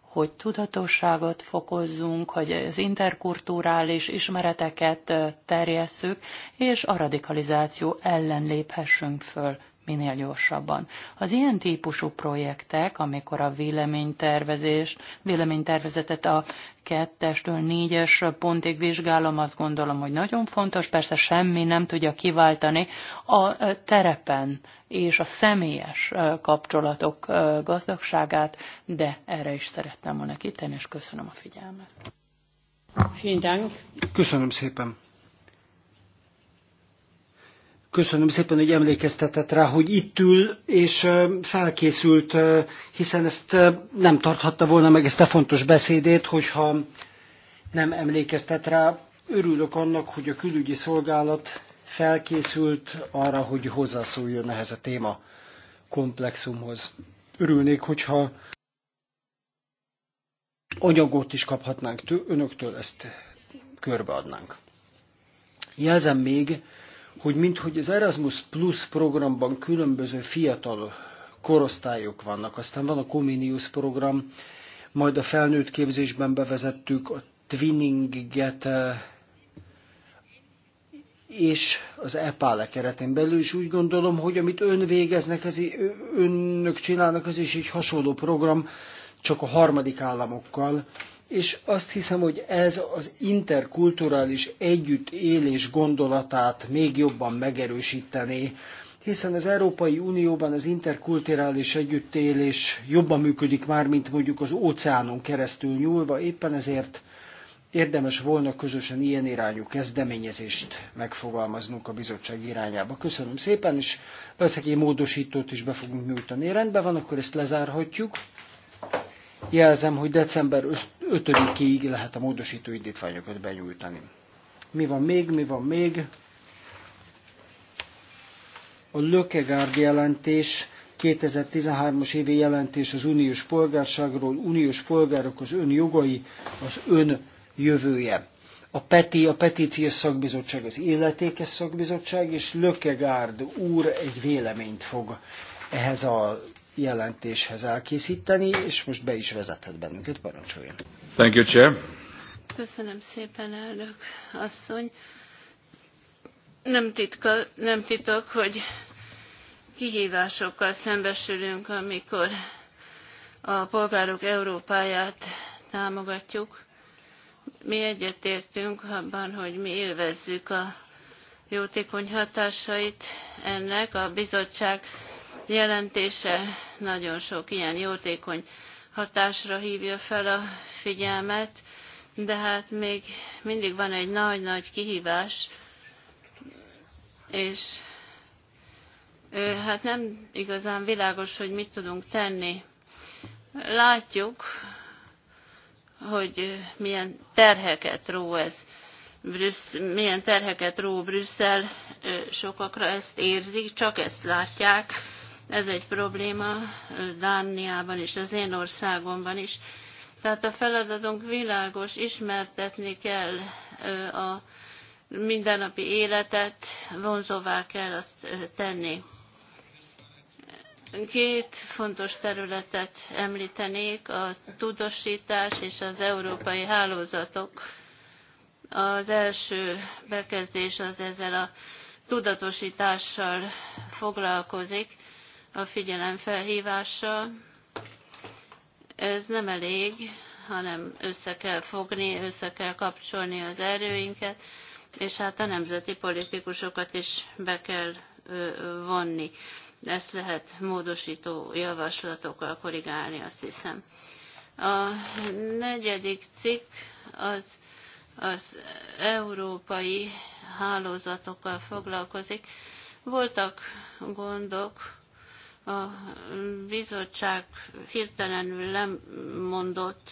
hogy tudatosságot fokozzunk, hogy az interkulturális ismereteket terjesszük, és a radikalizáció ellen léphessünk föl minél gyorsabban. Az ilyen típusú projektek, amikor a véleménytervezést, véleménytervezetet a kettestől négyes pontig vizsgálom, azt gondolom, hogy nagyon fontos, persze semmi nem tudja kiváltani a terepen és a személyes kapcsolatok gazdagságát, de erre is szerettem volna kitenni, és köszönöm a
figyelmet. Köszönöm szépen. Köszönöm szépen, hogy emlékeztetett rá, hogy itt ül és felkészült, hiszen ezt nem tarthatta volna meg ezt a fontos beszédét, hogyha nem emlékeztet rá. Örülök annak, hogy a külügyi szolgálat felkészült arra, hogy hozzászóljon ehhez a téma komplexumhoz. Örülnék, hogyha anyagot is kaphatnánk önöktől, ezt körbeadnánk. Jelzem még, hogy minthogy az Erasmus Plus programban különböző fiatal korosztályok vannak, aztán van a Comenius program, majd a felnőtt képzésben bevezettük a twinninget, eh, és az EPALE e keretén belül is úgy gondolom, hogy amit ön végeznek, ez, önök csinálnak, ez is egy hasonló program, csak a harmadik államokkal, és azt hiszem, hogy ez az interkulturális együttélés gondolatát még jobban megerősíteni, hiszen az Európai Unióban az interkulturális együttélés jobban működik már, mint mondjuk az óceánon keresztül nyúlva, éppen ezért érdemes volna közösen ilyen irányú kezdeményezést megfogalmaznunk a bizottság irányába. Köszönöm szépen, és veszek egy módosítót is be fogunk nyújtani. Rendben van, akkor ezt lezárhatjuk. Jelzem, hogy december 5-ig lehet a módosító indítványokat benyújtani. Mi van még, mi van még? A Lökegárd jelentés 2013-as évi jelentés az uniós polgárságról, uniós polgárok az ön jogai, az ön jövője. A PETI, a Petíciós Szakbizottság az Életékes Szakbizottság, és Lökegárd úr egy véleményt fog ehhez a jelentéshez elkészíteni, és most be is vezethet bennünket, parancsoljon.
Thank you, Chair.
Köszönöm szépen, elnök asszony. Nem, titka, nem titok, hogy kihívásokkal szembesülünk, amikor a polgárok Európáját támogatjuk. Mi egyetértünk abban, hogy mi élvezzük a jótékony hatásait ennek. A bizottság jelentése nagyon sok ilyen jótékony hatásra hívja fel a figyelmet, de hát még mindig van egy nagy-nagy kihívás, és hát nem igazán világos, hogy mit tudunk tenni. Látjuk, hogy milyen terheket ró ez, Brüssz, milyen terheket ró Brüsszel, sokakra ezt érzik, csak ezt látják, ez egy probléma Dániában és az én országomban is. Tehát a feladatunk világos, ismertetni kell a mindennapi életet, vonzóvá kell azt tenni. Két fontos területet említenék, a tudósítás és az európai hálózatok. Az első bekezdés az ezzel a tudatosítással foglalkozik a figyelem felhívása Ez nem elég, hanem össze kell fogni, össze kell kapcsolni az erőinket, és hát a nemzeti politikusokat is be kell vonni. Ezt lehet módosító javaslatokkal korrigálni, azt hiszem. A negyedik cikk az, az európai hálózatokkal foglalkozik. Voltak gondok, a bizottság hirtelenül nem mondott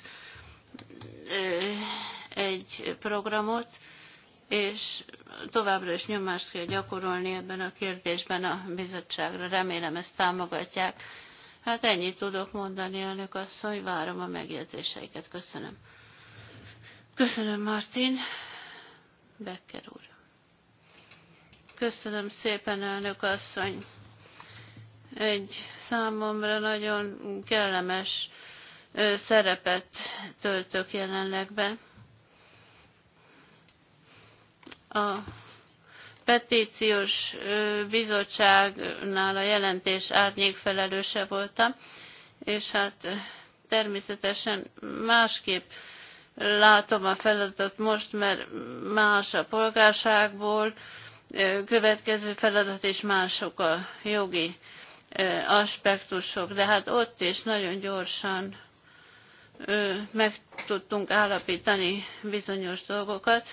egy programot, és továbbra is nyomást kell gyakorolni ebben a kérdésben a bizottságra. Remélem ezt támogatják. Hát ennyit tudok mondani, elnök asszony, várom a megjegyzéseiket. Köszönöm. Köszönöm, Martin. Becker úr. Köszönöm szépen, elnök asszony egy számomra nagyon kellemes szerepet töltök jelenleg be. A petíciós bizottságnál a jelentés felelőse voltam, és hát természetesen másképp látom a feladatot most, mert más a polgárságból, következő feladat és mások a jogi aspektusok, de hát ott is nagyon gyorsan meg tudtunk állapítani bizonyos dolgokat,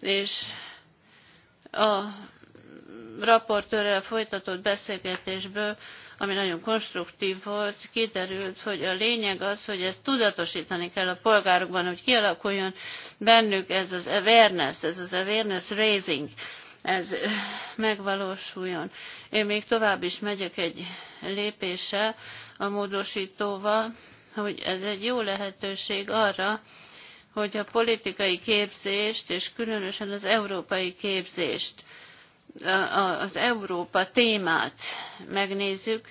és a raportőrrel folytatott beszélgetésből, ami nagyon konstruktív volt, kiderült, hogy a lényeg az, hogy ezt tudatosítani kell a polgárokban, hogy kialakuljon bennük ez az awareness, ez az awareness raising, ez megvalósuljon. Én még tovább is megyek egy lépéssel a módosítóval, hogy ez egy jó lehetőség arra, hogy a politikai képzést, és különösen az európai képzést, az Európa témát megnézzük,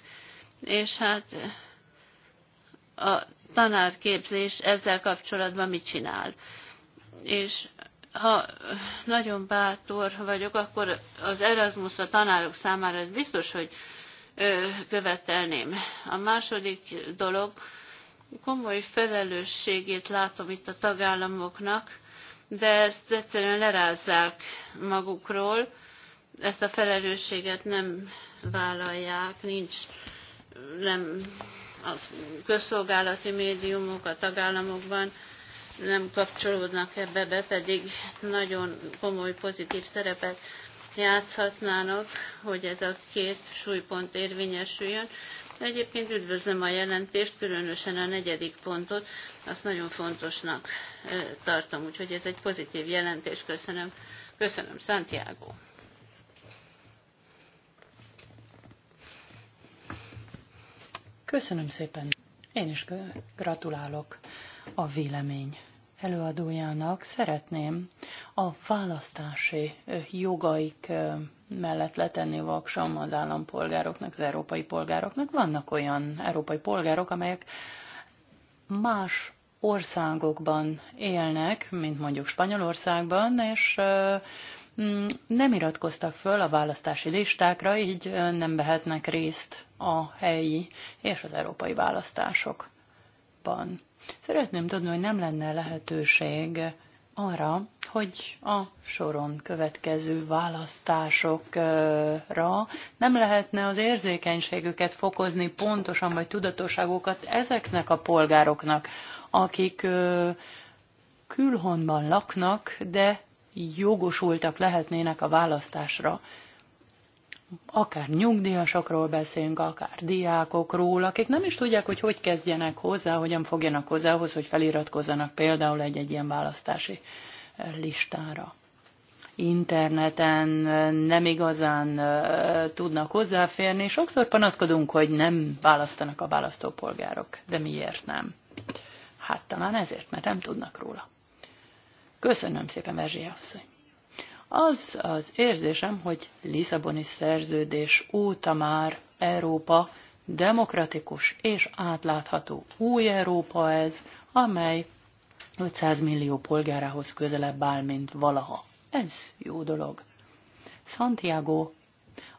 és hát a tanárképzés ezzel kapcsolatban mit csinál. És ha nagyon bátor vagyok, akkor az Erasmus a tanárok számára ez biztos, hogy követelném. A második dolog, komoly felelősségét látom itt a tagállamoknak, de ezt egyszerűen lerázzák magukról, ezt a felelősséget nem vállalják, nincs nem a közszolgálati médiumok a tagállamokban, nem kapcsolódnak ebbe be, pedig nagyon komoly pozitív szerepet játszhatnának, hogy ez a két súlypont érvényesüljön. Egyébként üdvözlöm a jelentést, különösen a negyedik pontot, azt nagyon fontosnak tartom, úgyhogy ez egy pozitív jelentés, köszönöm. Köszönöm, Santiago.
Köszönöm szépen. Én is gratulálok a vélemény előadójának szeretném a választási jogaik mellett letenni vaksam az állampolgároknak, az európai polgároknak. Vannak olyan európai polgárok, amelyek más országokban élnek, mint mondjuk Spanyolországban, és mm, nem iratkoztak föl a választási listákra, így nem vehetnek részt a helyi és az európai választásokban Szeretném tudni, hogy nem lenne lehetőség arra, hogy a soron következő választásokra nem lehetne az érzékenységüket fokozni pontosan, vagy tudatosságukat ezeknek a polgároknak, akik külhonban laknak, de jogosultak lehetnének a választásra akár nyugdíjasokról beszélünk, akár diákokról, akik nem is tudják, hogy hogy kezdjenek hozzá, hogyan fogjanak hozzá ahhoz, hogy feliratkozzanak például egy-egy ilyen választási eh, listára. Interneten eh, nem igazán eh, tudnak hozzáférni, sokszor panaszkodunk, hogy nem választanak a választópolgárok. De miért nem? Hát talán ezért, mert nem tudnak róla. Köszönöm szépen, Verzsi asszony! Az az érzésem, hogy Lisszaboni szerződés óta már Európa demokratikus és átlátható. Új Európa ez, amely 500 millió polgárához közelebb áll, mint valaha. Ez jó dolog. Santiago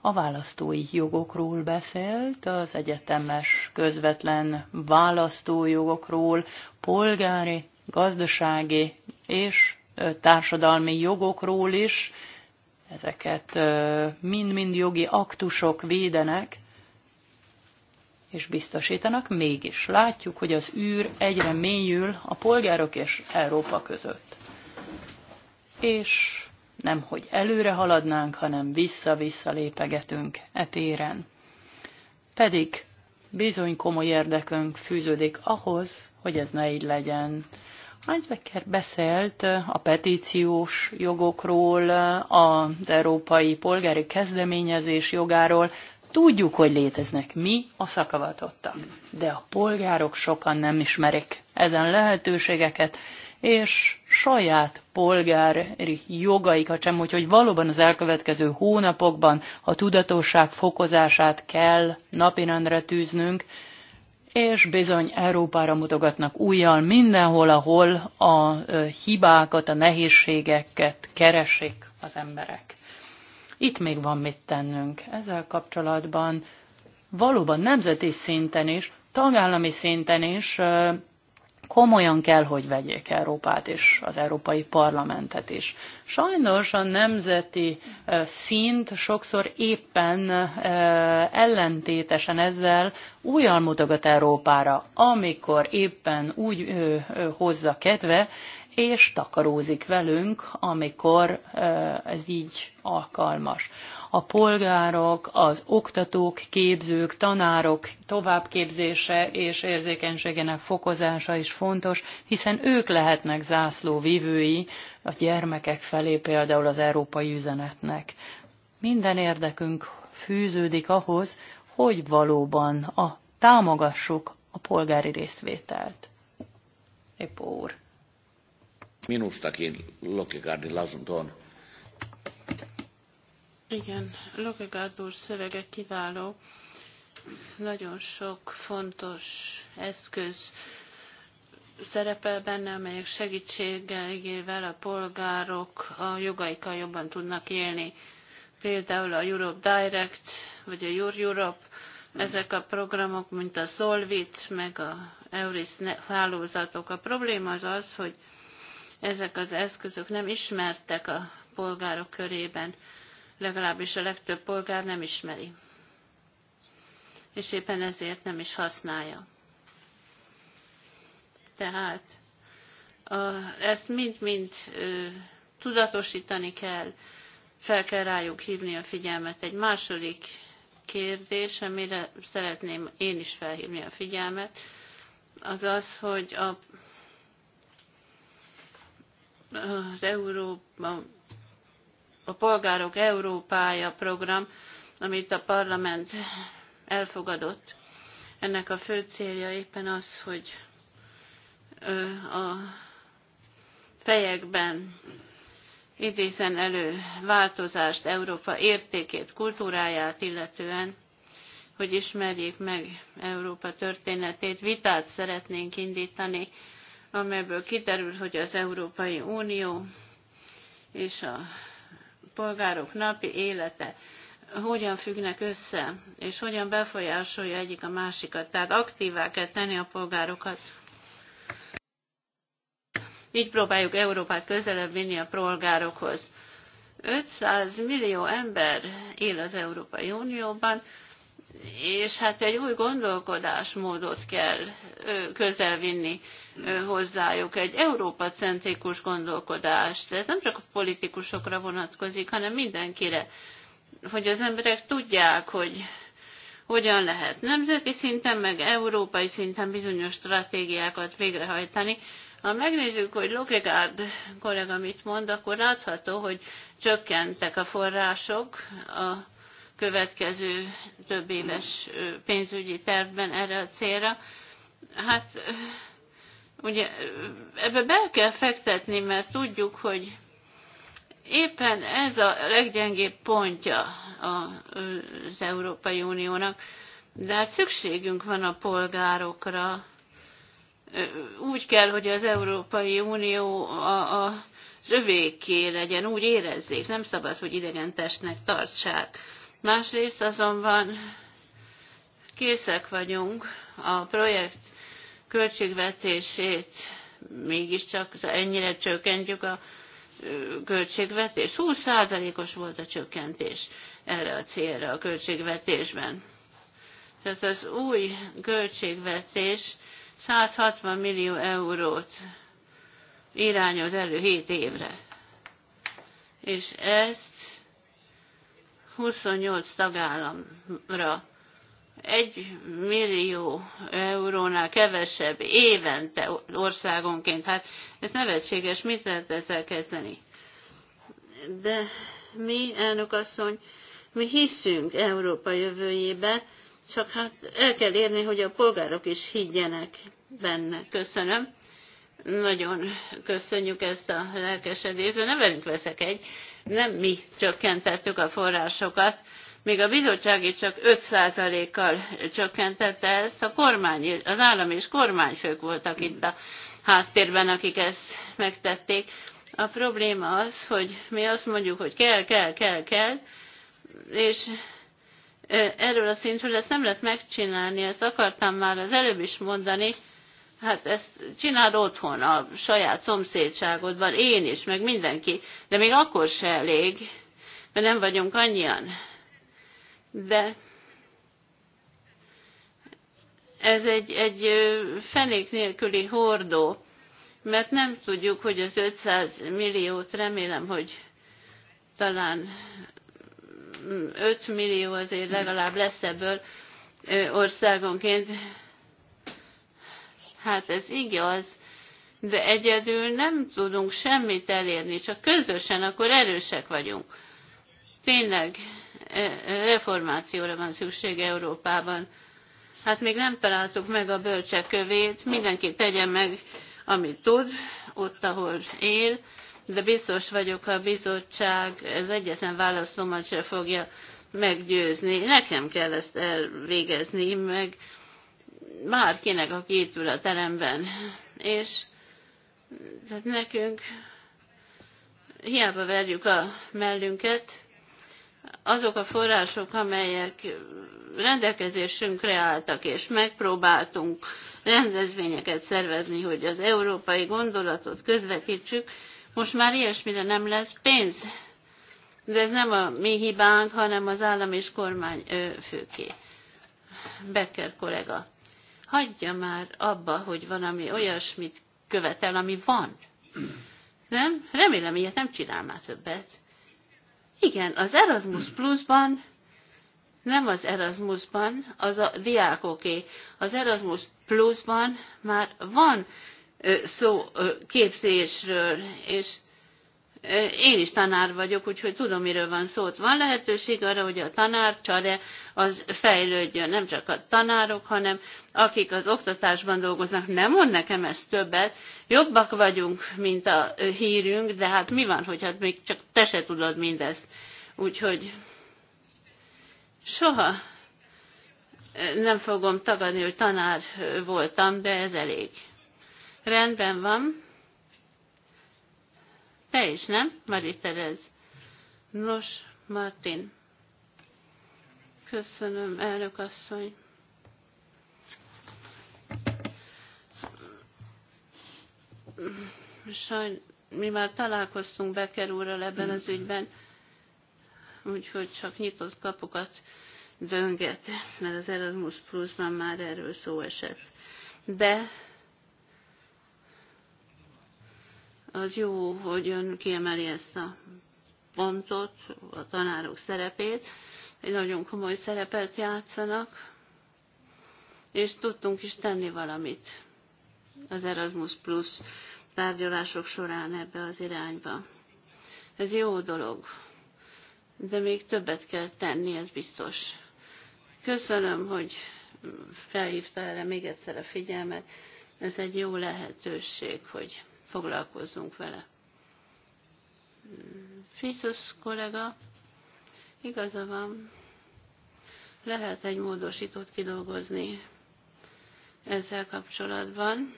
a választói jogokról beszélt, az egyetemes közvetlen választójogokról, polgári, gazdasági és társadalmi jogokról is, ezeket mind-mind jogi aktusok védenek, és biztosítanak, mégis látjuk, hogy az űr egyre mélyül a polgárok és Európa között. És nem, hogy előre haladnánk, hanem vissza-vissza lépegetünk e téren. Pedig bizony komoly érdekünk fűződik ahhoz, hogy ez ne így legyen. Heinz Becker beszélt a petíciós jogokról, az európai polgári kezdeményezés jogáról. Tudjuk, hogy léteznek mi a szakavatottak, de a polgárok sokan nem ismerik ezen lehetőségeket, és saját polgári jogaikat sem, úgyhogy valóban az elkövetkező hónapokban a tudatosság fokozását kell napirendre tűznünk, és bizony Európára mutogatnak újjal mindenhol, ahol a hibákat, a nehézségeket keresik az emberek. Itt még van mit tennünk. Ezzel kapcsolatban valóban nemzeti szinten is, tagállami szinten is komolyan kell, hogy vegyék Európát és az Európai Parlamentet is. Sajnos a nemzeti szint sokszor éppen ellentétesen ezzel újjal mutogat Európára, amikor éppen úgy hozza kedve, és takarózik velünk, amikor ez így alkalmas a polgárok, az oktatók, képzők, tanárok továbbképzése és érzékenységének fokozása is fontos, hiszen ők lehetnek zászló vívői a gyermekek felé például az európai üzenetnek. Minden érdekünk fűződik ahhoz, hogy valóban a támogassuk a polgári részvételt. Épp úr. Minustakin Lokikárdin lausunto on
igen, Lokegárd úr szövege kiváló. Nagyon sok fontos eszköz szerepel benne, amelyek segítségével a polgárok a jogaikkal jobban tudnak élni. Például a Europe Direct, vagy a Your Europe, ezek a programok, mint a Solvit, meg a Euris hálózatok. A probléma az az, hogy ezek az eszközök nem ismertek a polgárok körében legalábbis a legtöbb polgár nem ismeri, és éppen ezért nem is használja. Tehát a, ezt mind-mind tudatosítani kell, fel kell rájuk hívni a figyelmet. Egy második kérdés, amire szeretném én is felhívni a figyelmet, az az, hogy a, az Európa a Polgárok Európája program, amit a parlament elfogadott. Ennek a fő célja éppen az, hogy a fejekben idézen elő változást Európa értékét, kultúráját illetően, hogy ismerjék meg Európa történetét. Vitát szeretnénk indítani, amelyből kiderül, hogy az Európai Unió és a polgárok napi élete hogyan függnek össze, és hogyan befolyásolja egyik a másikat. Tehát aktívá kell tenni a polgárokat. Így próbáljuk Európát közelebb vinni a polgárokhoz. 500 millió ember él az Európai Unióban, és hát egy új gondolkodásmódot kell vinni hozzájuk, egy európa-centrikus gondolkodást. Ez nem csak a politikusokra vonatkozik, hanem mindenkire, hogy az emberek tudják, hogy hogyan lehet nemzeti szinten, meg európai szinten bizonyos stratégiákat végrehajtani. Ha megnézzük, hogy Lokegárd kollega mit mond, akkor látható, hogy csökkentek a források a következő több éves pénzügyi tervben erre a célra. Hát ugye ebbe be kell fektetni, mert tudjuk, hogy éppen ez a leggyengébb pontja az Európai Uniónak, de hát szükségünk van a polgárokra. Úgy kell, hogy az Európai Unió a, a az övéké legyen, úgy érezzék, nem szabad, hogy idegen testnek tartsák. Másrészt azonban készek vagyunk a projekt költségvetését, mégiscsak ennyire csökkentjük a költségvetés. 20%-os volt a csökkentés erre a célra a költségvetésben. Tehát az új költségvetés 160 millió eurót irányoz elő 7 évre. És ezt 28 tagállamra 1 millió eurónál kevesebb évente országonként. Hát ez nevetséges, mit lehet ezzel kezdeni? De mi, elnök asszony, mi hiszünk Európa jövőjébe, csak hát el kell érni, hogy a polgárok is higgyenek benne. Köszönöm. Nagyon köszönjük ezt a lelkesedést, de ne velünk veszek egy nem mi csökkentettük a forrásokat, még a is csak 5%-kal csökkentette ezt, a kormány, az állam és kormányfők voltak itt a háttérben, akik ezt megtették. A probléma az, hogy mi azt mondjuk, hogy kell, kell, kell, kell, és erről a szintről ezt nem lehet megcsinálni, ezt akartam már az előbb is mondani, Hát ezt csináld otthon, a saját szomszédságodban, én is, meg mindenki, de még akkor se elég, mert nem vagyunk annyian. De ez egy, egy fenék nélküli hordó, mert nem tudjuk, hogy az 500 milliót remélem, hogy talán 5 mm, millió azért legalább lesz ebből országonként Hát ez igaz, de egyedül nem tudunk semmit elérni, csak közösen akkor erősek vagyunk. Tényleg e, e, reformációra van szükség Európában. Hát még nem találtuk meg a bölcsek kövét, mindenki tegye meg, amit tud, ott, ahol él, de biztos vagyok, a bizottság az egyetlen választomat se fogja meggyőzni. Nekem kell ezt elvégezni, meg bárkinek, a aki itt ül a teremben. És tehát nekünk hiába verjük a mellünket, azok a források, amelyek rendelkezésünkre álltak, és megpróbáltunk rendezvényeket szervezni, hogy az európai gondolatot közvetítsük, most már ilyesmire nem lesz pénz. De ez nem a mi hibánk, hanem az állam és kormány főké. Becker kollega hagyja már abba, hogy valami olyasmit követel, ami van. Nem? Remélem, ilyet nem csinál már többet. Igen, az Erasmus Plus-ban, nem az Erasmusban, az a diákoké, az Erasmus Plus-ban már van szó képzésről, és én is tanár vagyok, úgyhogy tudom, miről van szó. Van lehetőség arra, hogy a tanár csare az fejlődjön, nem csak a tanárok, hanem akik az oktatásban dolgoznak. Nem mond nekem ezt többet, jobbak vagyunk, mint a hírünk, de hát mi van, hogy hát még csak te se tudod mindezt. Úgyhogy soha nem fogom tagadni, hogy tanár voltam, de ez elég. Rendben van. Te is, nem? Mari Terez. Nos, Martin. Köszönöm, elnök asszony. Sajn, mi már találkoztunk Becker úrral ebben az ügyben, úgyhogy csak nyitott kapokat dönget, mert az Erasmus Plus-ban már erről szó esett. De Az jó, hogy ön kiemeli ezt a pontot, a tanárok szerepét. Egy nagyon komoly szerepet játszanak, és tudtunk is tenni valamit az Erasmus Plus tárgyalások során ebbe az irányba. Ez jó dolog, de még többet kell tenni, ez biztos. Köszönöm, hogy felhívta erre még egyszer a figyelmet. Ez egy jó lehetőség, hogy foglalkozzunk vele. Fiszus kollega, igaza van, lehet egy módosítót kidolgozni ezzel kapcsolatban.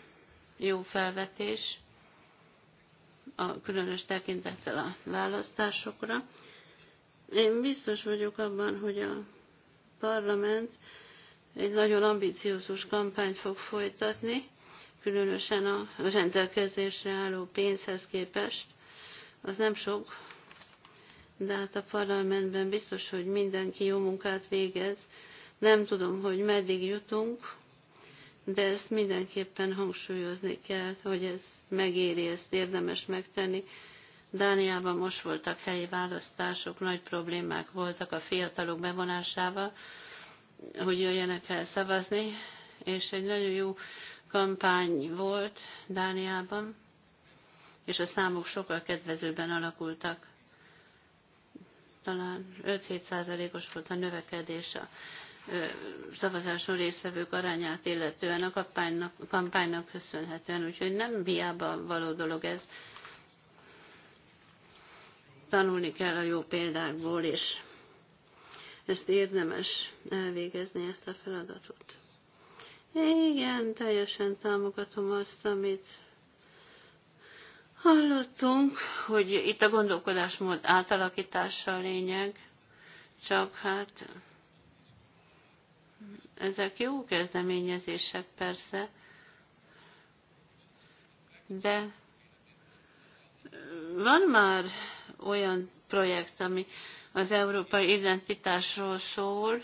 Jó felvetés, a különös tekintettel a választásokra. Én biztos vagyok abban, hogy a parlament egy nagyon ambiciózus kampányt fog folytatni, különösen a rendelkezésre álló pénzhez képest, az nem sok, de hát a parlamentben biztos, hogy mindenki jó munkát végez. Nem tudom, hogy meddig jutunk, de ezt mindenképpen hangsúlyozni kell, hogy ez megéri, ezt érdemes megtenni. Dániában most voltak helyi választások, nagy problémák voltak a fiatalok bevonásával, hogy jöjjenek el szavazni, és egy nagyon jó kampány volt Dániában, és a számok sokkal kedvezőbben alakultak. Talán 5-7 százalékos volt a növekedés a szavazáson résztvevők arányát illetően a kampánynak, a kampánynak köszönhetően, úgyhogy nem hiába való dolog ez. Tanulni kell a jó példákból, és ezt érdemes elvégezni, ezt a feladatot. Igen, teljesen támogatom azt, amit hallottunk, hogy itt a gondolkodásmód átalakítása a lényeg, csak hát ezek jó kezdeményezések persze, de van már olyan projekt, ami az európai identitásról szól,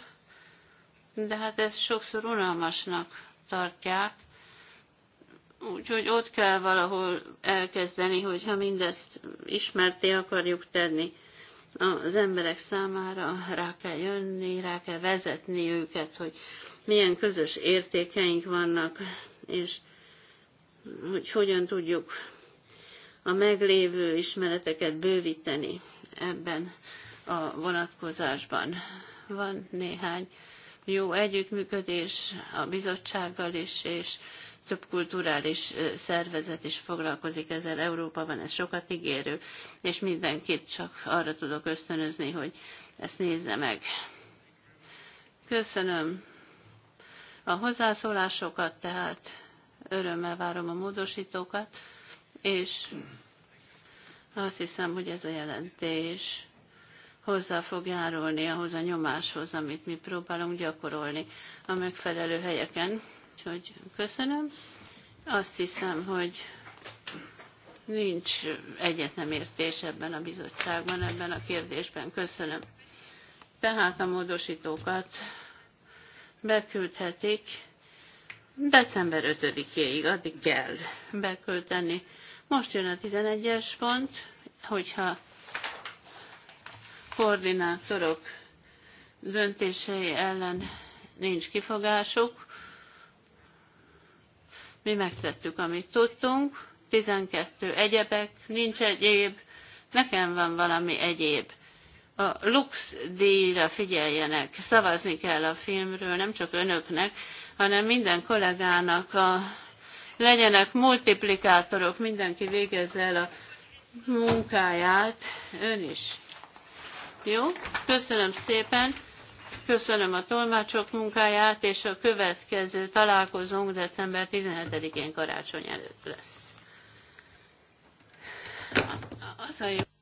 de hát ezt sokszor unalmasnak tartják, Úgyhogy ott kell valahol elkezdeni, hogyha mindezt ismerté akarjuk tenni az emberek számára, rá kell jönni, rá kell vezetni őket, hogy milyen közös értékeink vannak, és hogy hogyan tudjuk a meglévő ismereteket bővíteni ebben a vonatkozásban. Van néhány jó együttműködés a bizottsággal is, és több kulturális szervezet is foglalkozik ezzel Európában, ez sokat ígérő, és mindenkit csak arra tudok ösztönözni, hogy ezt nézze meg. Köszönöm a hozzászólásokat, tehát örömmel várom a módosítókat, és azt hiszem, hogy ez a jelentés hozzá fog járulni ahhoz a nyomáshoz, amit mi próbálunk gyakorolni a megfelelő helyeken. Úgyhogy köszönöm. Azt hiszem, hogy nincs egyetlen értés ebben a bizottságban, ebben a kérdésben. Köszönöm. Tehát a módosítókat beküldhetik december 5-éig, addig kell beküldeni. Most jön a 11-es pont, hogyha koordinátorok döntései ellen nincs kifogásuk. Mi megtettük, amit tudtunk. 12 egyebek, nincs egyéb, nekem van valami egyéb. A Lux díjra figyeljenek, szavazni kell a filmről, nem csak önöknek, hanem minden kollégának a, legyenek multiplikátorok, mindenki végezze el a munkáját, ön is. Jó, köszönöm szépen, köszönöm a tolmácsok munkáját, és a következő találkozónk december 17-én karácsony előtt lesz. Az a jó.